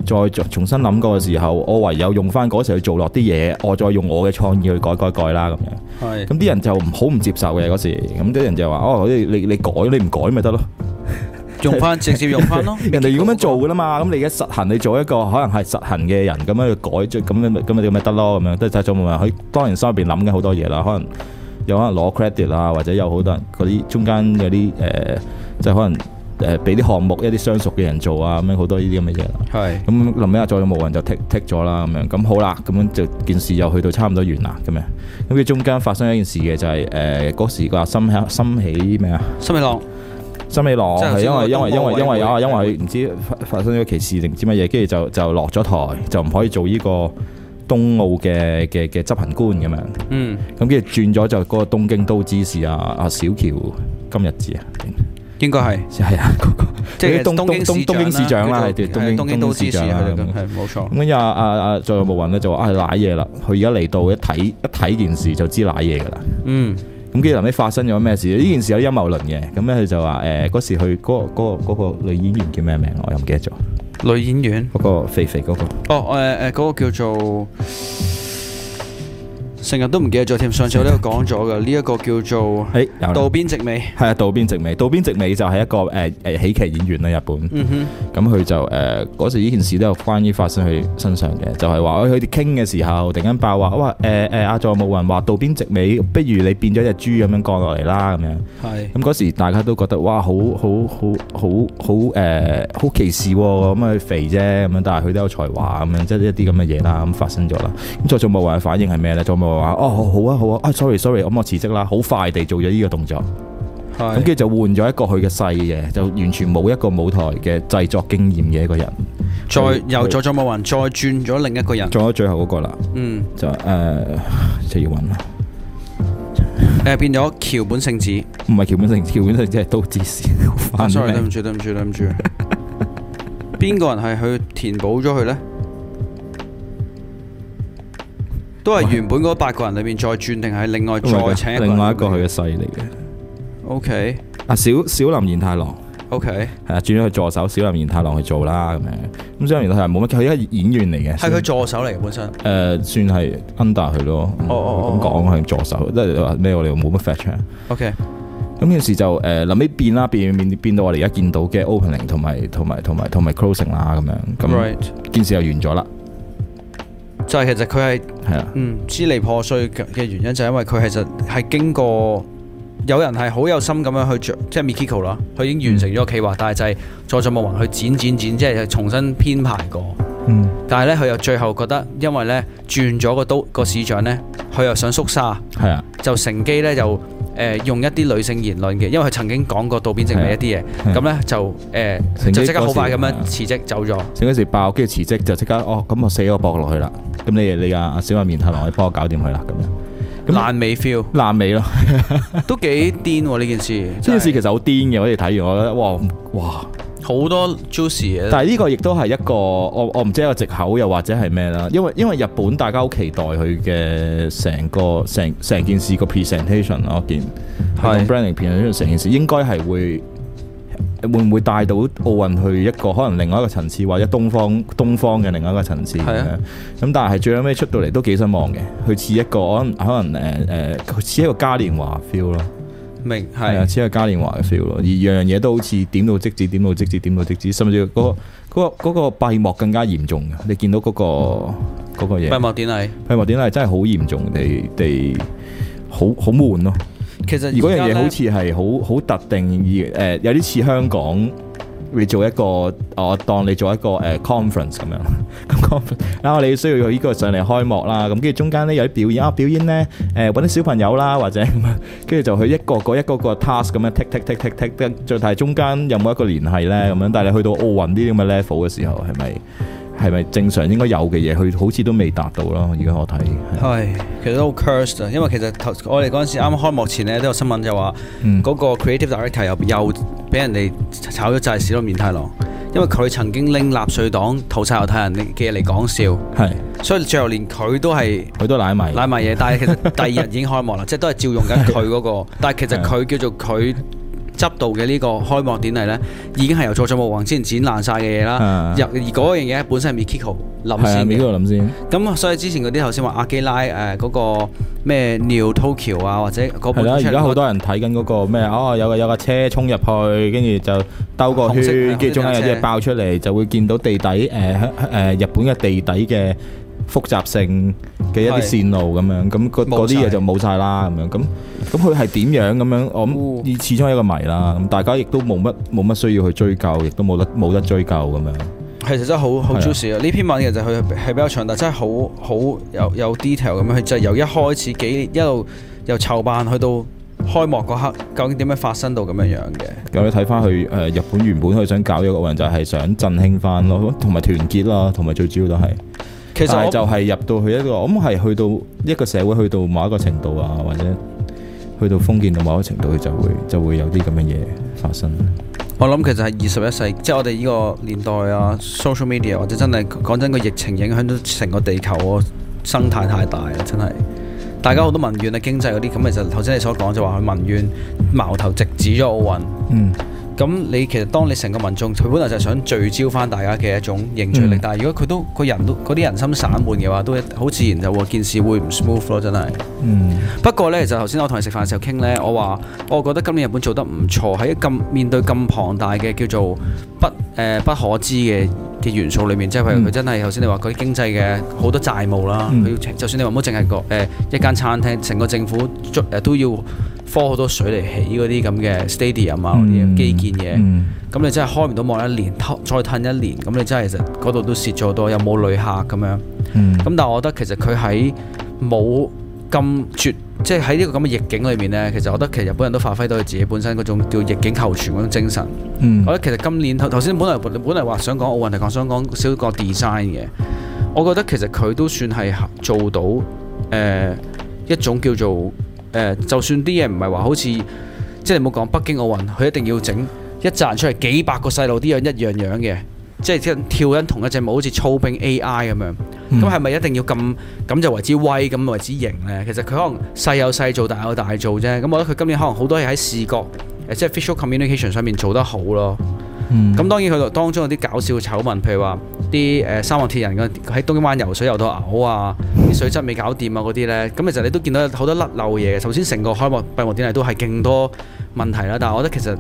再重新諗過嘅時候，我唯有用翻嗰時去做落啲嘢，我再用我嘅創意去改改改啦，咁樣。係。咁啲人就好唔接受嘅嗰時，咁啲人就話：哦，你你你改，你唔改咪得咯？用翻直接用翻咯。人哋要咁樣做噶啦嘛，咁你而家實行，你做一個可能係實行嘅人，咁樣去改咗，咁樣咁樣點咪得咯？咁樣都係做唔埋。佢當然心入邊諗緊好多嘢啦，可能。有可能攞 credit 啊，或者有好多人嗰啲中間有啲誒、呃，即係可能誒俾啲項目一啲相熟嘅人做啊，咁樣好多呢啲咁嘅嘢。係是。咁臨尾啊，再冇人就剔 a 咗啦，咁樣咁好啦，咁樣就件事又去到差唔多完啦，咁樣。咁佢中間發生一件事嘅就係誒嗰時那個心起心起咩啊？心起浪，心起浪係因,因為因為因為是因為啊因為唔知發生咗歧視定唔知乜嘢，跟住就就落咗台，就唔可以做呢、這個。東澳嘅嘅嘅執行官咁樣，嗯，咁跟住轉咗就嗰個東京都知事啊，阿小橋今日子啊，應該係係啊，即係東東東京市長啦，東京東京都知事啊，係冇錯。咁跟住啊啊啊有冇雲咧就話啊瀨嘢啦，佢而家嚟到一睇一睇件事就知瀨嘢㗎啦，嗯，咁跟住臨尾發生咗咩事？呢件事有陰謀論嘅，咁咧佢就話誒嗰時去嗰個嗰個女演員叫咩名？我又唔記得咗。女演員，嗰個肥肥嗰個，哦，誒、呃、誒，嗰、呃嗰個叫做。成日都唔記得咗添。上次我都度講咗嘅呢一個叫做，誒，渡邊直美，係、哎、啊，渡邊直美，渡邊直美就係一個誒誒、呃、喜劇演員啊，日本。咁佢、嗯、哼就誒嗰、呃、時呢件事都有關於發生佢身上嘅，就係、是、話，佢哋傾嘅時候，突然間爆話，哇，誒誒阿座冇人話渡邊直美，不如你變咗隻豬咁樣降落嚟啦咁樣。係是。咁嗰時大家都覺得，哇，好好好好好誒、呃，好歧視喎、喔，咁佢肥啫，咁樣，但係佢都有才華，咁、就是、樣，即係一啲咁嘅嘢啦，咁發生咗啦。咁座座冇人嘅反應係咩咧？阿藏冇。話哦，好啊好啊啊 sorry sorry，咁我辭職啦，好快地做咗呢個動作。咁跟住就換咗一個佢嘅細嘅，就完全冇一個舞台嘅製作經驗嘅一個人。再又再咗冇人，再轉咗另一個人，做咗最後嗰個啦。嗯，就誒，就要搵啦。誒，變咗橋本聖子，唔係橋本聖橋本聖子係刀智史。翻 sorry，對唔住對唔住對唔住。邊個人係去填補咗佢咧？都係原本嗰八個人裏面再轉，定係另外再請另外一個佢嘅勢力嘅。O K，阿小小林賢太郎。O K，係啊，轉咗佢助手小林賢太郎去做啦咁樣。咁小林賢太郎冇乜，佢係一演員嚟嘅，係佢助手嚟算本身。誒、呃，算係 under 佢咯。咁講係助手，即係話咩？我哋冇乜 f e a t O K，咁件事就誒諗起變啦，變變變到我哋而家見到嘅 opening 同埋同埋同埋同埋 closing 啦咁樣。咁，Right. 件事又完咗啦。就係其實佢係係啊，支離破碎嘅原因就係因為佢其實係經過有人係好有心咁樣去即係 Mikiko 啦，佢已經完成咗企劃，但係就係再再莫勻去剪剪剪，即係重新編排過。但係咧佢又最後覺得，因為咧轉咗個道個市長咧，佢又想縮沙，係啊，就乘機咧就誒用一啲女性言論嘅，因為佢曾經講過渡邊直美一啲嘢，咁咧就誒就即刻好快咁樣辭職走咗。成件事爆，跟住辭職就即刻哦，咁啊死個薄落去啦。咁你你阿阿小阿面可能可以幫我搞掂佢啦，咁樣。爛尾 feel，爛尾咯， *laughs* 都幾癲喎呢件事。呢、就係、件事其實好癲嘅，我哋睇完我覺得哇哇好多 juicy 嘢。但係呢個亦都係一個我我唔知一個藉口又或者係咩啦，因為因為日本大家好期待佢嘅成個成成件事個 presentation 咯，我見。branding presentation 成件事應該係會。會唔會帶到奧運去一個可能另外一個層次，或者東方東方嘅另外一個層次咁、啊、但係最後尾出到嚟都幾失望嘅，佢似一個可能誒誒、呃，似一個嘉年華 feel 咯，明係似一個嘉年華嘅 feel 咯，而樣樣嘢都好似點到即止，點到即止，點到即止，甚至嗰、嗰個嗰、嗰個、嗰個閉幕更加嚴重嘅。你見到嗰、嗰個嗰、嗰個嘢閉幕典禮，閉幕典禮真係好嚴重，你哋你哋好好悶咯。如果樣嘢好似係好好特定，誒、呃、有啲似香港，你做一個，我當你做一個誒、呃、conference 咁樣，咁 conference 啊，你需要去呢個上嚟開幕啦，咁跟住中間咧有啲表演啊，表演咧誒揾啲小朋友啦，或者咁樣，跟住就去一個個一個個 task 咁樣 take take take take take 再睇中間有冇一個聯繫咧咁樣，但係你去到奧運呢啲咁嘅 level 嘅時候係咪？是係咪正常應該有嘅嘢？佢好似都未達到咯。而家我睇係，其實都好 cursed。因為其實我哋嗰陣時啱啱開幕前呢，都有新聞就話，嗰個 creative director 又又俾人哋炒咗債市咯。面太郎，因為佢曾經拎納粹黨屠殺猶太人嘅嘢嚟講笑，係，所以最後連佢都係佢都瀨埋瀨埋嘢。但係其實第二日已經開幕啦，即係都係照用緊佢嗰個。但係其實佢叫做佢。執到嘅呢個開幕典禮咧，已經係由佐佐木宏之前展爛晒嘅嘢啦。入、嗯、而嗰樣嘢本身係 Mikiko 林先嘅。咁 ik 所以之前嗰啲頭先話阿基拉誒嗰、呃那個咩 New Tokyo 啊，或者係啦，而家好多人睇緊嗰個咩哦，有個有架車衝入去，跟住就兜個圈，跟住色中央有嘢爆出嚟，色就會見到地底誒誒、呃呃呃、日本嘅地底嘅。複雜性嘅一啲線路咁是樣，咁嗰啲嘢就冇晒啦。咁了樣咁咁佢係點樣咁樣？我諗始終係一個謎啦。咁大家亦都冇乜冇乜需要去追究，亦都冇得冇得追究咁樣。其實真係好好 juicy 啊！呢篇文其實佢係比較長，但真係好好有有 detail 咁樣，佢就由一開始幾一路又籌辦，去到開幕嗰刻，究竟點樣發生到咁樣樣嘅。咁你睇翻佢，誒、呃、日本原本佢想搞一個運，就係想振興翻咯，同埋團結啦，同埋最主要都係。其實就係入到去一個，我諗係去到一個社會去到某一個程度啊，或者去到封建到某一個程度，佢就會就會有啲咁嘅嘢發生。我諗其實係二十一世，即係我哋呢個年代啊，social media 或者真係講真個疫情影響到成個地球個、啊、生態太大啊，真係。大家好多民怨啊，經濟嗰啲，咁其實頭先你所講就話佢民怨矛頭直指咗奧運。嗯。咁你其實當你成個民眾，佢本來就係想聚焦翻大家嘅一種凝聚力，嗯、但係如果佢都個人都嗰啲人心散漫嘅話，都好自然就件事會唔 smooth 咯，真係。嗯。不過呢，就頭先我同你食飯嘅時候傾呢，我話我覺得今年日本做得唔錯，喺咁面對咁龐大嘅叫做不誒、呃、不可知嘅。嘅元素裏面，即係佢真係頭先你話嗰啲經濟嘅好多債務啦，佢要，就算你話唔好淨係個誒、呃、一間餐廳，成個政府都都要科好多水嚟起嗰啲咁嘅 stadium 啊，嗰啲基建嘢，咁、嗯、你真係開唔到網一年，再褪一年，咁你真係其實嗰度都蝕咗好多，有冇旅客咁樣，咁、嗯、但係我覺得其實佢喺冇咁絕。即係喺呢個咁嘅逆境裏面呢，其實我覺得其實日本人都發揮到佢自己本身嗰種叫逆境求存嗰種精神。嗯、我覺得其實今年頭先本來本來話想講奧運，但係講想講少少 design 嘅，我覺得其實佢都算係做到誒、呃、一種叫做誒、呃，就算啲嘢唔係話好似即係唔好講北京奧運，佢一定要整一紮出嚟幾百個細路啲樣一樣樣嘅。即係跳緊同一隻舞，好似操兵 AI 咁樣。咁係咪一定要咁咁就為之威咁為之型呢？其實佢可能細有細做，大有大做啫。咁我覺得佢今年可能好多嘢喺視覺，即係 facial communication 上面做得好咯。咁、嗯、當然佢當中有啲搞笑嘅醜聞，譬如話啲誒三項鐵人喺東京灣游水游到嘔啊，啲水質未搞掂啊嗰啲呢。咁其實你都見到好多甩漏嘢。首先成個開幕閉幕典禮都係勁多問題啦。但係我覺得其實。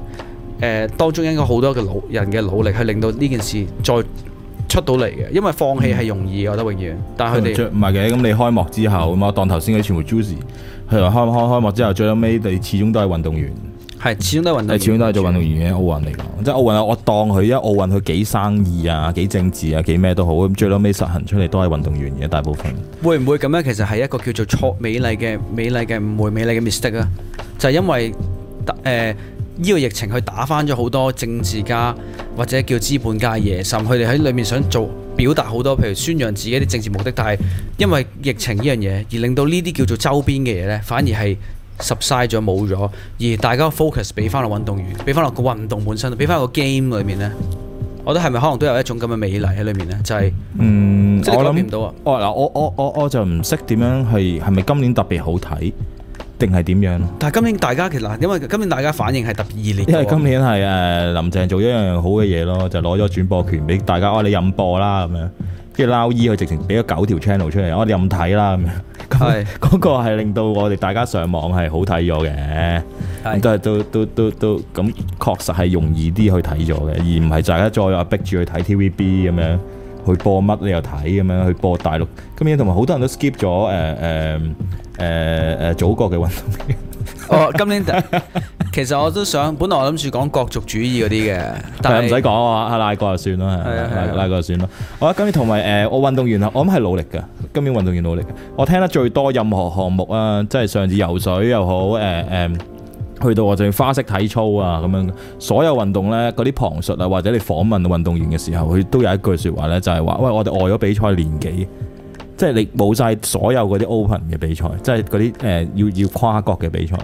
誒當中應該好多嘅老人嘅努力，去令到呢件事再出到嚟嘅。因為放棄係容易，我覺得永遠。但係佢哋唔係嘅。咁你開幕之後，咁我當頭先嗰全部 Juicy，佢話開開，開幕之後，最尾你始終都係運動員。係，始終都係運動員。係始終都係做運動員嘅，的奧運嚟講，即係奧運我當佢一奧運，佢幾生意啊，幾政治啊，幾咩都好。咁最尾實行出嚟都係運動員嘅大部分。會唔會咁樣呢？其實係一個叫做錯美麗嘅美麗嘅唔會美麗嘅 mistake 咧、啊？就係、是、因為特、呃呢個疫情去打翻咗好多政治家或者叫資本家嘅嘢，甚至佢哋喺裏面想做表達好多，譬如宣揚自己啲政治目的，但係因為疫情呢樣嘢而令到呢啲叫做周邊嘅嘢呢，反而係縮細咗冇咗，而大家 focus 俾翻落運動員，俾翻落個運動本身，俾翻個 game 裏面呢。我覺得係咪可能都有一種咁嘅美麗喺裏面呢？就係、是、嗯，我諗唔到啊！我我我我就唔識點樣係係咪今年特別好睇？定係點樣？但係今年大家其實，因為今年大家反應係特別熱烈，因為今年係誒林鄭做咗一樣樣好嘅嘢咯，就攞、是、咗轉播權俾大家，我、啊、哋任播啦咁樣，即係撈衣佢直情俾咗九條 channel 出嚟，我、啊、哋任睇啦咁樣，咁嗰是個係令到我哋大家上網係好睇咗嘅，都係都都都都咁確實係容易啲去睇咗嘅，而唔係大家再話逼住去睇 TVB 咁樣去播乜你又睇咁樣去播大陸。今年同埋好多人都 skip 咗誒誒。呃呃誒誒、嗯，祖國嘅運動員哦，今年其實我都想，本來我諗住講國族主義嗰啲嘅，但係唔使講啊，嗯、我拉哥就算啦，係拉哥就算啦，哦呃。我今年同埋誒，我運動員啊，我諗係努力嘅，今年運動員努力嘅。我聽得最多任何項目啊，即係上次游水又好，誒、呃、誒，去到我仲要花式體操啊，咁樣所有運動咧，嗰啲旁述啊，或者你訪問運動員嘅時候，佢都有一句話說話咧，就係話喂，我哋為咗比賽年紀。即係你冇晒所有嗰啲 open 嘅比賽，即係嗰啲誒要要跨國嘅比賽。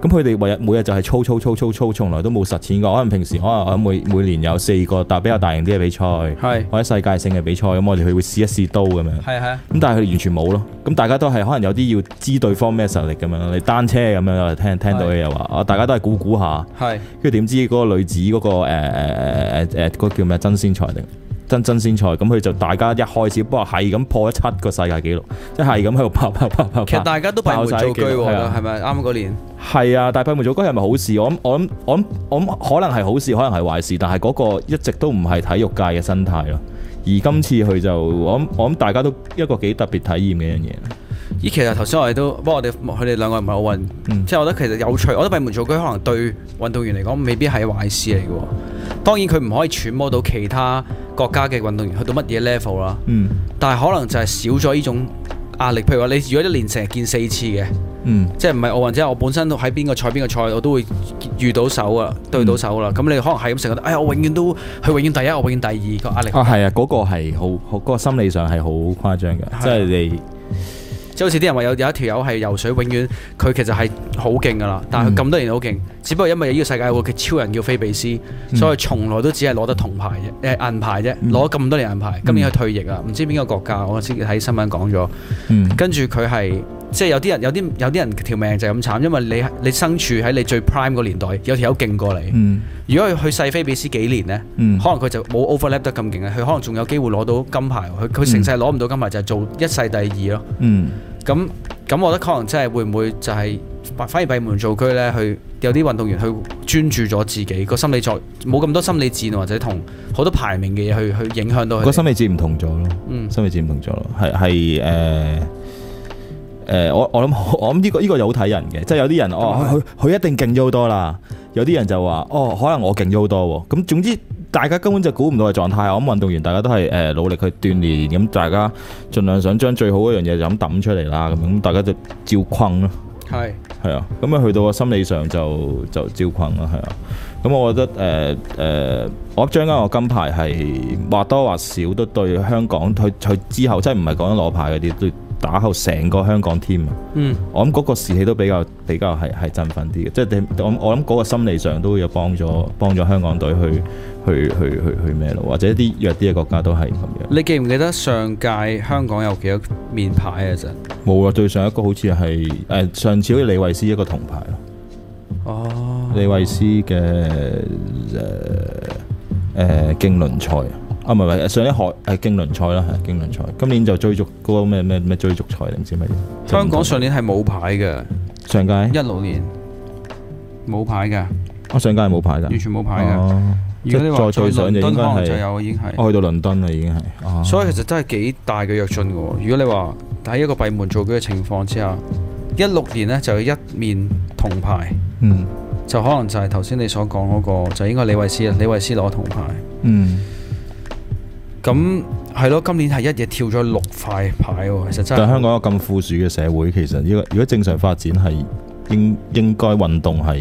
咁佢哋每日每日就係粗粗粗粗粗粗粗，從來都冇實踐過。可能平時可能每每年有四個，但比較大型啲嘅比賽，嗯、或者世界性嘅比賽，咁我哋佢會試一試刀咁樣。係係的。咁但係佢哋完全冇咯。咁大家都係可能有啲要知對方咩實力咁樣。你單車咁樣，聽聽到嘅又話，大家都係估估下。係的。跟住點知嗰個女子嗰、嗰個誒誒誒誒叫咩爭先才定？真真先賽，咁佢就大家一開始，不過係咁破咗七個世界紀錄，即係咁喺度拍拍拍。破。其實大家都閉門造車喎，係咪啱嗰年？係啊，大係、啊、閉門造車係咪好事？我諗我諗我諗我諗，我諗可能係好事，可能係壞事，但係嗰個一直都唔係體育界嘅生態咯。而今次佢就我諗我諗大家都一個幾特別體驗嘅一樣嘢。咦，其實頭先我哋都，不過我哋佢哋兩個唔係奧運，即係我覺得其實有趣，我覺得閉門造車可能對運動員嚟講未必係壞事嚟嘅。當然佢唔可以揣摩到其他國家嘅運動員去到乜嘢 level 啦。嗯、但係可能就係少咗呢種壓力。譬如話你如果一年成日見四次嘅，嗯、即係唔係奧運，即係我本身喺邊個賽邊個賽，我都會遇到手噶，對到手啦。咁、嗯、你可能係咁成日得，哎，我永遠都係永遠第一，我永遠第二個壓力。啊，係啊，嗰個係好，嗰個心理上係好誇張嘅，即係你。即好似啲人話有有一條友係游水，永遠佢其實係好勁㗎喇，但係佢咁多年好勁，只不過因為呢個世界有個超人叫菲比斯，所以從來都只係攞得銅牌啫，誒銀牌啫，攞咁、嗯嗯、多年銀牌，今年佢退役啊，唔知邊個國家，我先睇新聞講咗，跟住佢係。即係有啲人有啲有啲人條命就係咁慘，因為你你身處喺你最 prime 個年代，有條友勁過你。嗯、如果佢去世菲比斯幾年呢，嗯、可能佢就冇 overlap 得咁勁，佢可能仲有機會攞到金牌，佢成世攞唔到金牌就係、是、做一世第二咯。咁咁、嗯，我覺得可能真係會唔會就係、是、反而閉門造車呢？去有啲運動員去專注咗自己、那個心理作，冇咁多心理戰或者同好多排名嘅嘢去去影響到佢。個心理戰唔同咗咯、嗯，心理戰唔同咗咯，係係誒。誒我我諗我諗呢、這個呢、這個又好睇人嘅，即、就、係、是、有啲人吧哦，佢佢一定勁咗好多啦。有啲人就話哦，可能我勁咗好多喎。咁總之大家根本就估唔到嘅狀態。我諗運動員大家都係誒努力去鍛鍊，咁大家盡量想將最好嗰樣嘢就咁揼出嚟啦。咁咁大家就照困咯。係係對啊，咁樣去到個心理上就就照困咯，係啊。咁我覺得誒誒、呃呃，我張間個金牌係或多或少都對香港，佢佢之後即係唔係講緊攞牌嗰啲都。打後成個香港 team，嗯、我諗嗰個士氣都比較比較係係振奮啲嘅，即係我我諗嗰個心理上都有幫咗幫咗香港隊去去去去去咩咯，或者啲弱啲嘅國家都係咁樣。你記唔記得上屆香港有幾多面牌啊？啫、嗯，冇啊！對上一個好似係誒上次好似李慧詩一個銅牌咯。哦，李慧詩嘅誒誒競輪賽。啊，唔係上一年海係競輪賽啦，係、啊、競輪賽。今年就追逐嗰個咩咩咩追逐賽，你唔知乜嘢。香港上年係冇牌嘅街、啊，上屆一六年冇牌嘅。我上屆係冇牌嘅，完全冇牌嘅。啊、如果再再上就應該係，我去到倫敦啦已經係。啊、所以其實真係幾大嘅躍進嘅。如果你話喺一個閉門造車嘅情況之下，一六年呢就有一面銅牌，嗯，就可能就係頭先你所講嗰、那個，就應該李慧詩，啊，李慧詩攞銅牌，嗯。咁係咯，今年係一夜跳咗六塊牌喎，哦，其實真係。但香港一個咁富庶嘅社會，其實如果如果正常發展，係應應該運動係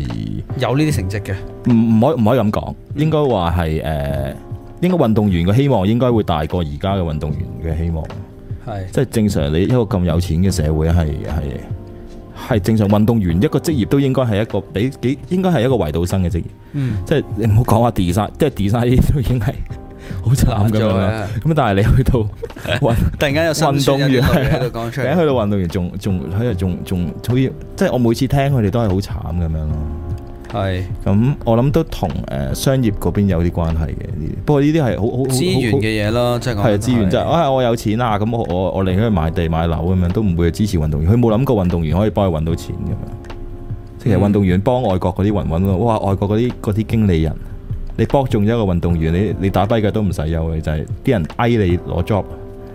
有呢啲成績嘅。唔唔可唔可以咁講，應該話係誒，應該運動員嘅希望應該會大過而家嘅運動員嘅希望。係是，即係正常你一個咁有錢嘅社會係係係正常運動員一個職業都應該係一個比幾應該係一個維到生嘅職業。嗯、即係你唔好講話 design，即係 design 都已經係。好慘咁樣啦，咁文字但係你去到運， *laughs* 突然間有運動員，去到運動員，仲仲喺仲即係我每次聽佢哋都係好慘咁樣咯。係，咁我諗都同商業嗰邊有啲關係嘅，不過呢啲係好好資源嘅嘢咯，即係資源就啊、哎、我有錢啦，咁我我我寧願去買地買樓咁樣，都唔會去支持運動員，佢冇諗過運動員可以幫佢揾到錢咁樣。即係運動員幫外國嗰啲運運咯，哇！外國嗰啲嗰啲經理人。你搏中咗一個運動員，你你打低嘅都唔使憂嘅，就係、是、啲人蝦你攞 job，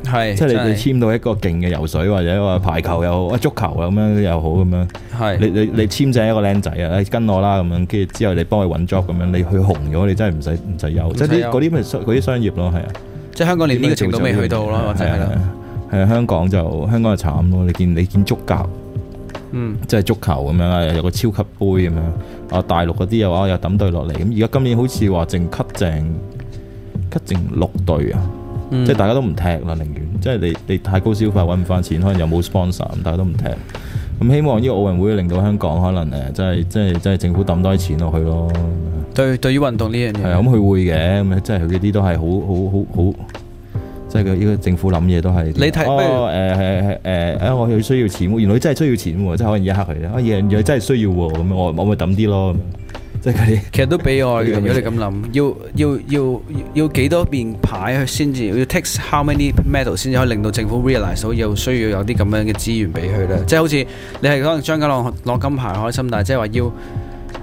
係是即係你的你簽到一個勁嘅游水或者一個排球又好啊足球啊咁樣又好咁樣，係是你你你簽制一個靚仔啊，誒跟我啦咁樣，跟住之後你幫佢揾 job 咁樣，你去紅咗，你真係唔使唔使憂，即係啲嗰啲咪商啲商業咯，係啊，嗯、啊即係香港你呢個程度未去到咯，係咯、嗯，啊，啊，香港就香港就慘咯，你見你見，你見足球，嗯，即係足球咁樣有個超級杯咁樣。啊！大陸嗰啲又話又抌隊落嚟，咁而家今年好似話剩吸剩吸剩六隊啊，嗯、即係大家都唔踢啦，寧願即係你你太高消費揾唔翻錢，可能又冇 sponsor，大家都唔踢。咁希望呢個奧運會令到香港可能誒，即係即係即係政府抌多啲錢落去咯。對對於運動呢樣嘢係咁佢會嘅，咁啊真係佢啲都係好好好好。即係佢依個政府諗嘢都係，你睇，不如誒、哦呃呃呃、我佢需要錢喎，原來佢真係需要錢喎，即係可能而家黑佢咧，啊，人真係需要喎，咁我我咪抌啲咯，即係佢啲。其實都俾我， *laughs* 如果你咁諗，要要要要幾多面牌先至要 take how many medal 先至可以令到政府 realise 好要需要有啲咁樣嘅資源俾佢咧，即係好似你係可能張家朗攞金牌開心，但係即係話要。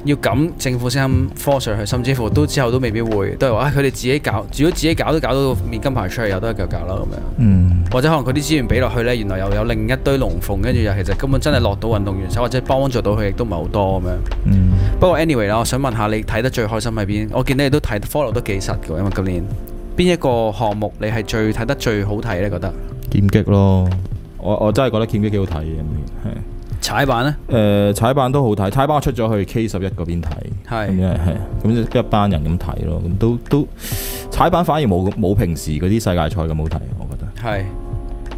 要咁政府先咁 force 落去，甚至乎都之後都未必會，都係話佢哋自己搞。如果自己搞都搞到面金牌出嚟，又得一嚿價啦咁樣。嗯。或者可能佢啲資源俾落去呢，原來又有另一堆龍鳳，跟住又其實根本真係落到運動員手，或者幫助到佢亦都唔係好多咁樣。嗯。不過 anyway 啦，我想問下你睇得最開心係邊？我見你都睇 follow 都幾實嘅，因為今年邊一個項目你係最睇得最好睇呢？覺得？劍擊咯，我我真係覺得劍擊幾好睇嘅。踩板咧，誒、呃、踩板都好睇，踩板我出咗去 K 十一嗰邊睇，係係咁一班人咁睇咯，咁都都踩板反而冇冇平時嗰啲世界賽咁好睇，我覺得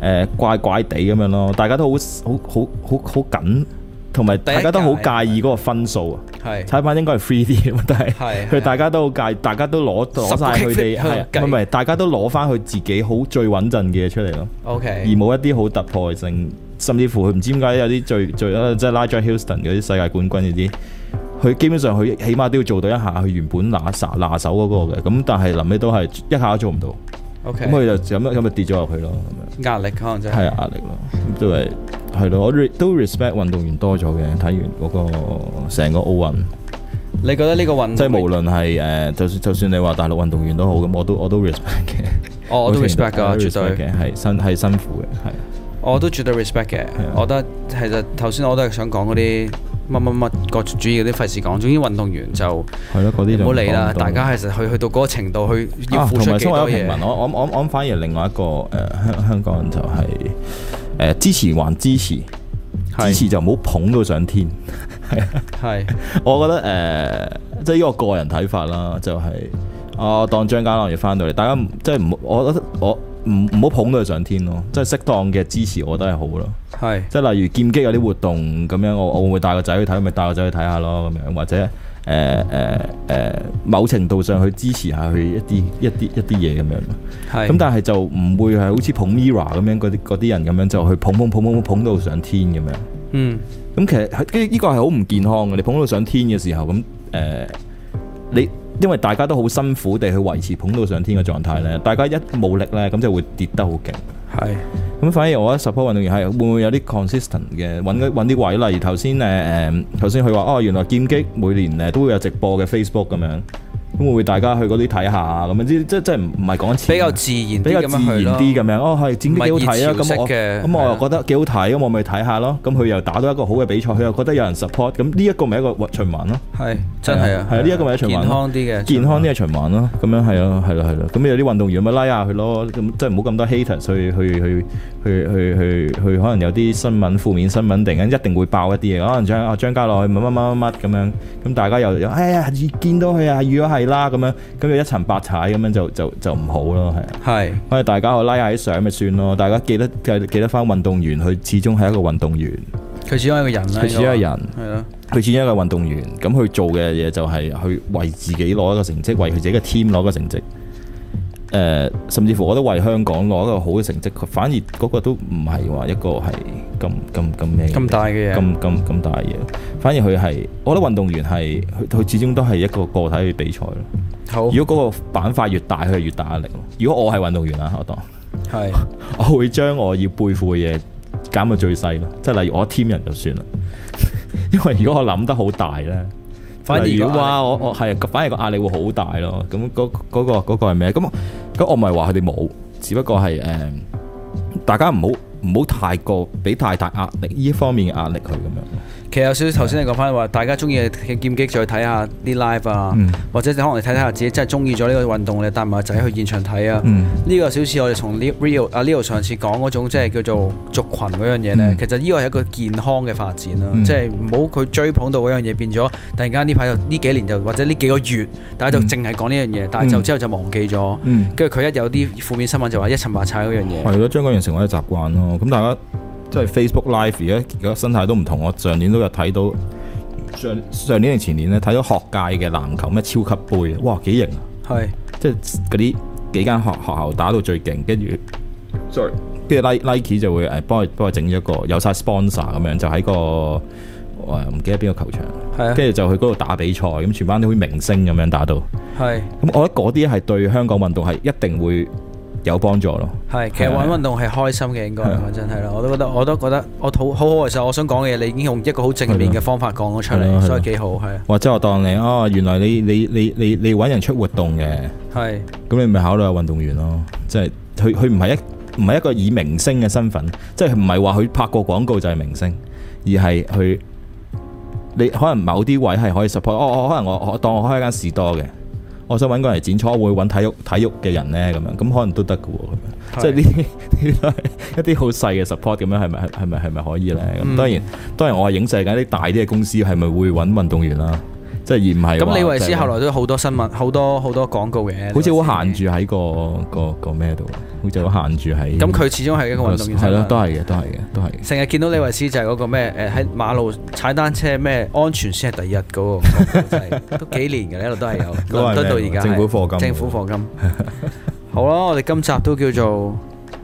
係誒怪怪地咁樣咯，大家都好好好好好緊，同埋大家都好介意嗰個分數啊，係踩板應該係 free 啲，但係係佢大家都好介，大家都攞攞曬佢哋，唔係唔係，大家都攞翻佢自己好最穩陣嘅嘢出嚟咯，OK，而冇一啲好突破性。甚至乎佢唔知點解有啲最最啊，即係拉張 Hilston 嗰啲世界冠軍呢啲，佢基本上佢起碼都要做到一下佢原本拿拿手嗰個嘅，咁但係臨尾都係一下都做唔到。咁佢 Okay. 就咁樣咁咪跌咗落去咯。壓力可能真係壓力咯，對，係咯，我都都 respect 運動員多咗嘅。睇完嗰個成個奧運，你覺得呢個運即係無論係誒，就算就算你話大陸運動員都好，咁我都我都 respect 嘅。我都 respect 噶，絕對嘅，係辛係辛苦嘅，係。我都絕對 respect 嘅，Yeah. 我覺得其實頭先我都係想講嗰啲乜乜乜國族主義嗰啲費事講，總之運動員就係咯，嗰啲唔好理啦，大家其實去去到嗰個程度去要付啊，同埋我有評文，我我我我反而另外一個誒、呃、香港人就係、是、誒、呃、支持還支持，支持就唔好捧到上天，係，我覺得誒、呃、即係呢個個人睇法啦、就是，就係我當張家朗要返到嚟，大家，大家即係唔我覺得我。我我我我唔唔好捧到佢上天咯，即係適當嘅支持我都係好咯。係，即係例如劍擊嗰啲活動咁樣，我我會唔會帶個仔去睇？咪帶個仔去睇下咯，咁樣或者誒誒誒，某程度上去支持下佢一啲一啲一啲嘢咁樣。係，咁但係就唔會係好似捧 Mirror 咁樣嗰啲啲人咁樣就去捧捧捧捧捧到上天咁樣。嗯，咁其實呢依個係好唔健康嘅，你捧到上天嘅時候咁誒，你。因為大家都好辛苦地去維持捧到上天嘅狀態咧，大家一冇力呢，咁就會跌得好勁。係是，咁反而我覺得 support 運動員係會唔會有啲 consistent 嘅揾啲位，例如頭先誒誒，頭先佢話哦，原來劍擊每年誒都會有直播嘅 Facebook 咁樣。咁會唔會大家去嗰啲睇下咁樣？即即即唔唔係講錢，比較自然比較自然啲咁樣。對啦 哦，係點幾好睇啊？咁我咁對啦 我又覺得幾好睇咁，我咪睇下咯。咁佢又打到一個好嘅比賽，佢又覺得有人 support，咁呢一個咪一個循環咯。係真係啊！係呢一個咪一個循環。健康啲嘅健康啲嘅循環咯，咁樣係咯，係咯，係咯。咁有啲運動員咪拉、like、下佢咯，咁即係唔好咁多 hater 去去去去去去去，可能有啲新聞負面新聞突然間一定會爆一啲嘢，可能張張家朗乜乜乜乜咁樣。咁大家又哎呀見到佢啊，如果係。啦，咁樣咁佢一層白踩咁樣就就就唔好咯，係。係的，我哋大家去拉、like、下啲相咪算咯，大家記得記得翻運動員，佢始終係一個運動員。佢始終係一個人。佢話始終係人。係咯。佢始終係一個運動員，咁佢的做嘅嘢就係去為自己攞一個成績，為佢自己嘅 team 攞個成績。誒，甚至乎我都為香港攞一個好嘅成績，反而嗰個都唔係話一個係咁咁咁咩咁大嘅，咁咁咁大嘢。反而佢係，我覺得運動員係佢佢始終都係一個個體去比賽咯。好，如果嗰個板塊越大，佢係越大壓力。如果我係運動員啦，我當係，我會將我要背負嘅嘢減到最細咯。即係例如我 team 人就算啦，因為如果我諗得好大咧，反而如果話我我係，反而個壓力會好大咯。咁嗰嗰個嗰個係咩？咁。咁我唔係話佢哋冇，只不過係誒、呃，大家唔好唔好太過俾太大壓力，呢一方面嘅壓力佢咁樣。其實有少少頭先你講翻話，大家中意嘅劍擊，再睇下啲 live 啊，嗯、或者可能睇睇下自己真係中意咗呢個運動，你帶埋仔去現場睇啊。呢、嗯、個少少我哋從 Leo 阿、uh、Leo 上次講嗰種即係叫做族群嗰樣嘢呢，嗯、其實呢個係一個健康嘅發展啦，即係唔好佢追捧到嗰樣嘢變咗，突然間呢排又呢幾年就或者呢幾個月大家就淨係講呢樣嘢，嗯、但係就之後就忘記咗，跟住佢一有啲負面新聞就話一沉百踩嗰樣嘢。係咯、哦，將嗰樣成為習慣咯。咁大家。即係 Facebook Live 而家而家生態都唔同，我上年都有睇到上上年定前年咧，睇到學界嘅籃球咩超級杯，哇幾型啊！係是即係嗰啲幾間學學校打到最勁，跟住 sorry，跟住 Nike 就會誒幫佢幫佢整咗個有晒 sponsor 咁樣，就喺個誒唔記得邊個球場，跟住、啊、就去嗰度打比賽，咁全班都好似明星咁樣打到，係咁是我覺得嗰啲係對香港運動係一定會。有幫助咯，係，其實玩運動係開心嘅，應該真係啦。我都覺得，我都覺得，我好好好嘅時候，我想講嘅嘢，你已經用一個好正面嘅方法講咗出嚟，所以幾好，係。或者我當你哦，原來你你你你你揾人出活動嘅，係。咁你咪考慮下運動員咯，即係佢佢唔係一唔係一個以明星嘅身份，即係唔係話佢拍過廣告就係明星，而係佢你可能某啲位係可以 support。哦哦，可能我我當我開間士多嘅。我想揾個人剪彩，會揾體育體育嘅人呢，咁樣咁可能都得嘅喎，即係啲都係一啲好細嘅 support 咁樣，係咪係咪係咪可以呢？咁當然當然，當然我係影世界啲大啲嘅公司，係咪會揾運動員啦？真係唔係。咁李維斯後來都好多新聞，好多好多廣告嘅。好似好限住喺個個個咩度，好似好限住喺。咁佢始終係一個運動員。係咯，都係嘅，都係嘅，都係。成日見到李維斯就係嗰個咩？誒喺馬路踩單車咩？安全先係第一噶喎，都幾年嘅，呢度都係有，到而家。政府課金。政府課金。好啦，我哋今集都叫做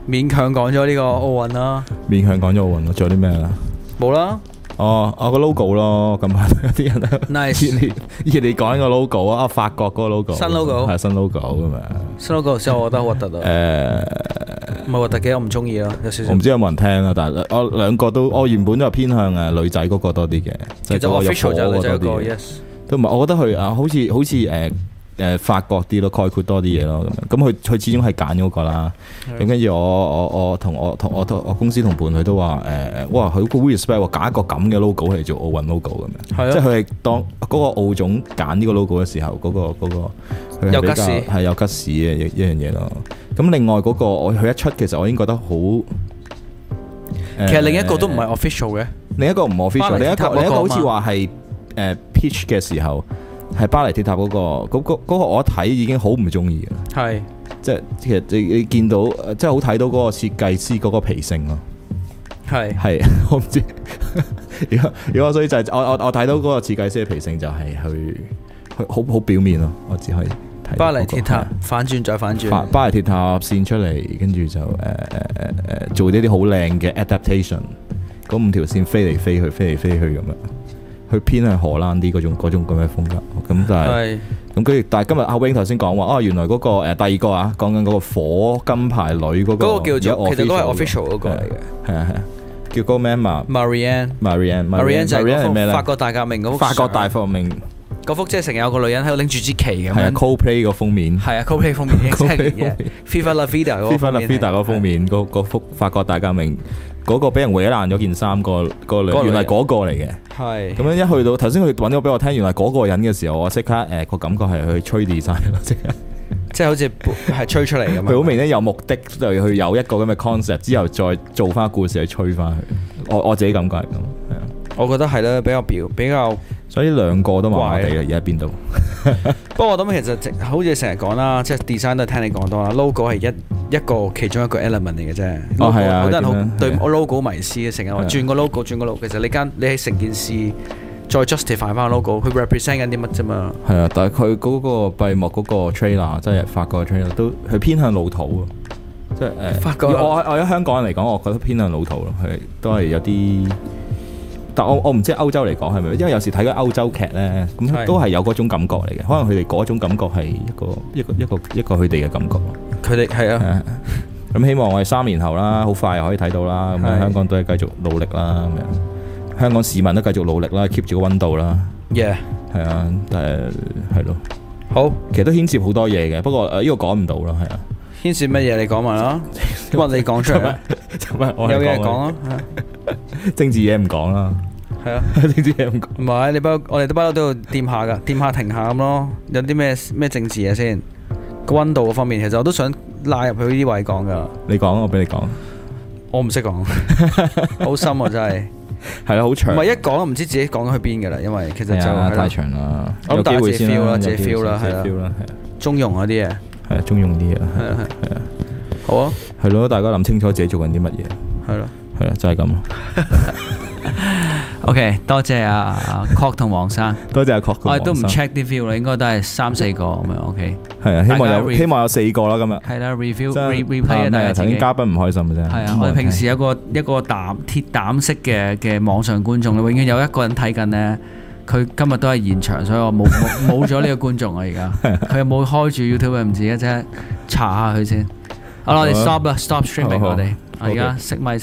勉強講咗呢個奧運啦，勉強講咗奧運啦，仲有啲咩啦？冇啦。哦，我、個 logo 咯，近有啲人啊，你哋講呢個 logo 啊，法國嗰個 logo，新 logo 係新 logo 咁嘛、嗯，新 logo，所以我覺得好核突啊。誒、欸，唔係核突嘅，我唔中意咯，有少少。我唔知有冇人聽啊。但係我兩個都，我原本都係偏向誒女仔嗰個多啲嘅，其實我 official 係 yes，同埋我覺得佢啊，好似好似誒。嗯誒發覺啲咯，概括多啲嘢咯，咁樣咁佢佢始終係揀咗個啦。咁跟住我我我同我同我我公司同伴佢都話誒、呃，我話佢個 respect 揀一個咁嘅 logo 嚟做奧運 logo 嘅咩？係咯，即係佢係當嗰、那個奧總揀呢個 logo 嘅時候，嗰、那個、那個、有吉事有吉嘅一樣嘢咯。咁另外嗰、那個我佢一出其實我已經覺得好。其實、呃、另一個都唔係 official 嘅，另一個唔 official，另一個另一個好似話係誒 pitch 嘅時候。係巴黎鐵塔嗰個，嗰個嗰個我一睇已經好唔中意嘅。係是，即係其實你你見到，即係好睇到嗰個設計師嗰個脾性咯。係係是，我唔知。如果如果所以就係我我我睇到嗰個設計師嘅脾性就係去去好好表面咯，我只可以睇。巴黎鐵塔是反轉再反轉。巴黎鐵塔線出嚟，跟住就誒誒誒誒做呢啲好靚嘅 adaptation，嗰五條線飛嚟飛去，飛嚟飛去咁樣。去偏係荷蘭啲嗰種嗰種咁嘅風格，咁就係咁。但係今日阿 wing 頭先講話，哦，原來嗰個第二個啊，講緊嗰個火金牌女嗰個，嗰個叫做其實都係 official 嗰個嚟嘅，係啊係，叫個咩啊？Marianne，Marianne，Marianne 就係法國大革命嗰幅，法國大革命嗰幅即係成日有個女人喺度拎住支旗嘅，係啊，Coldplay 個封面，係啊，Coldplay 封面 Coldplay 封面 Viva La Vida 嗰封面，嗰幅法國大革命。嗰個俾人毀爛咗件衫，個個女原來嗰個嚟嘅，係咁是樣，一去到頭先，佢揾咗俾我聽，原來嗰個人嘅時候，我即刻誒個、呃、感覺係去吹啲曬咯，刻即係即係好似係吹出嚟咁，佢好明顯有目的就去 *laughs* 有一個咁嘅 concept，之後再做翻故事去吹翻佢。我我自己感覺係咁，係啊。我覺得係咯，比較比較，所以兩個都麻麻地嘅，而家邊度？不過我諗其實好似成日講啦，即係 design 都聽你講多啦。logo 係一一個其中一個 element 嚟嘅啫。哦，係啊，好多人好對 logo 迷思嘅，成日話轉個 logo，轉個 logo，其實你間你喺成件事再 justify 翻個 logo，佢 represent 緊啲乜啫嘛？係啊，但係佢嗰個閉幕嗰個 trailer，即係法國 trailer 都佢偏向老土啊，即係誒。呃、法國。我我喺香港人嚟講，我覺得偏向老土咯，佢都係有啲。但我我唔知歐洲嚟講係咪，因為有時睇個歐洲劇咧，咁都係有嗰種感覺嚟嘅。可能佢哋嗰種感覺係一個一個一個一個佢哋嘅感覺。佢哋係啊，咁希望我哋三年後啦，好快又可以睇到啦。咁香港都係繼續努力啦。咁樣香港市民都繼續努力啦，keep 住個溫度啦。Yeah，係啊，係咯。好，其實都牽涉好多嘢嘅，不過呢個講唔到啦，係啊。牽涉乜嘢你講埋啦，咁啊你講出嚟啦，有嘢講咯，政治嘢唔講啦。呢啲嘢唔講。唔係你包，我哋都包到，都要掂下噶，掂下停下咁咯。有啲咩咩政治嘢先？個溫度方面，其實我都想拉入去呢啲位講噶。你講，我俾你講。我唔識講，好深啊，真係。係啦，好長。唔係一講唔知自己講到去邊噶啦，因為其實就太長啦。咁大家自己 feel 啦，自己 feel 啦，係啦，係啦。中庸嗰啲嘢，係啊，中庸啲嘢，係啊。好啊，係咯，大家諗清楚自己做緊啲乜嘢。係咯，係啊，就係咁。O K，多謝啊啊，Colt 同黃生，多謝啊 Colt。我哋都唔 check 啲 view 啦，應該都係三四個咁樣。O K，係啊，希望有希望有四個啦今日。係啦，review，re replay 一下大家。嘉賓唔開心嘅啫。係啊，我哋平時有一個一個膽鐵膽式嘅嘅網上觀眾，你永遠有一個人睇緊呢。佢今日都係現場，所以我冇冇冇咗呢個觀眾啊而家。佢冇開住 YouTube 唔止嘅啫，查下佢先。好啦，我哋 stop 啦 stop streaming 啊你，啊而家熄埋。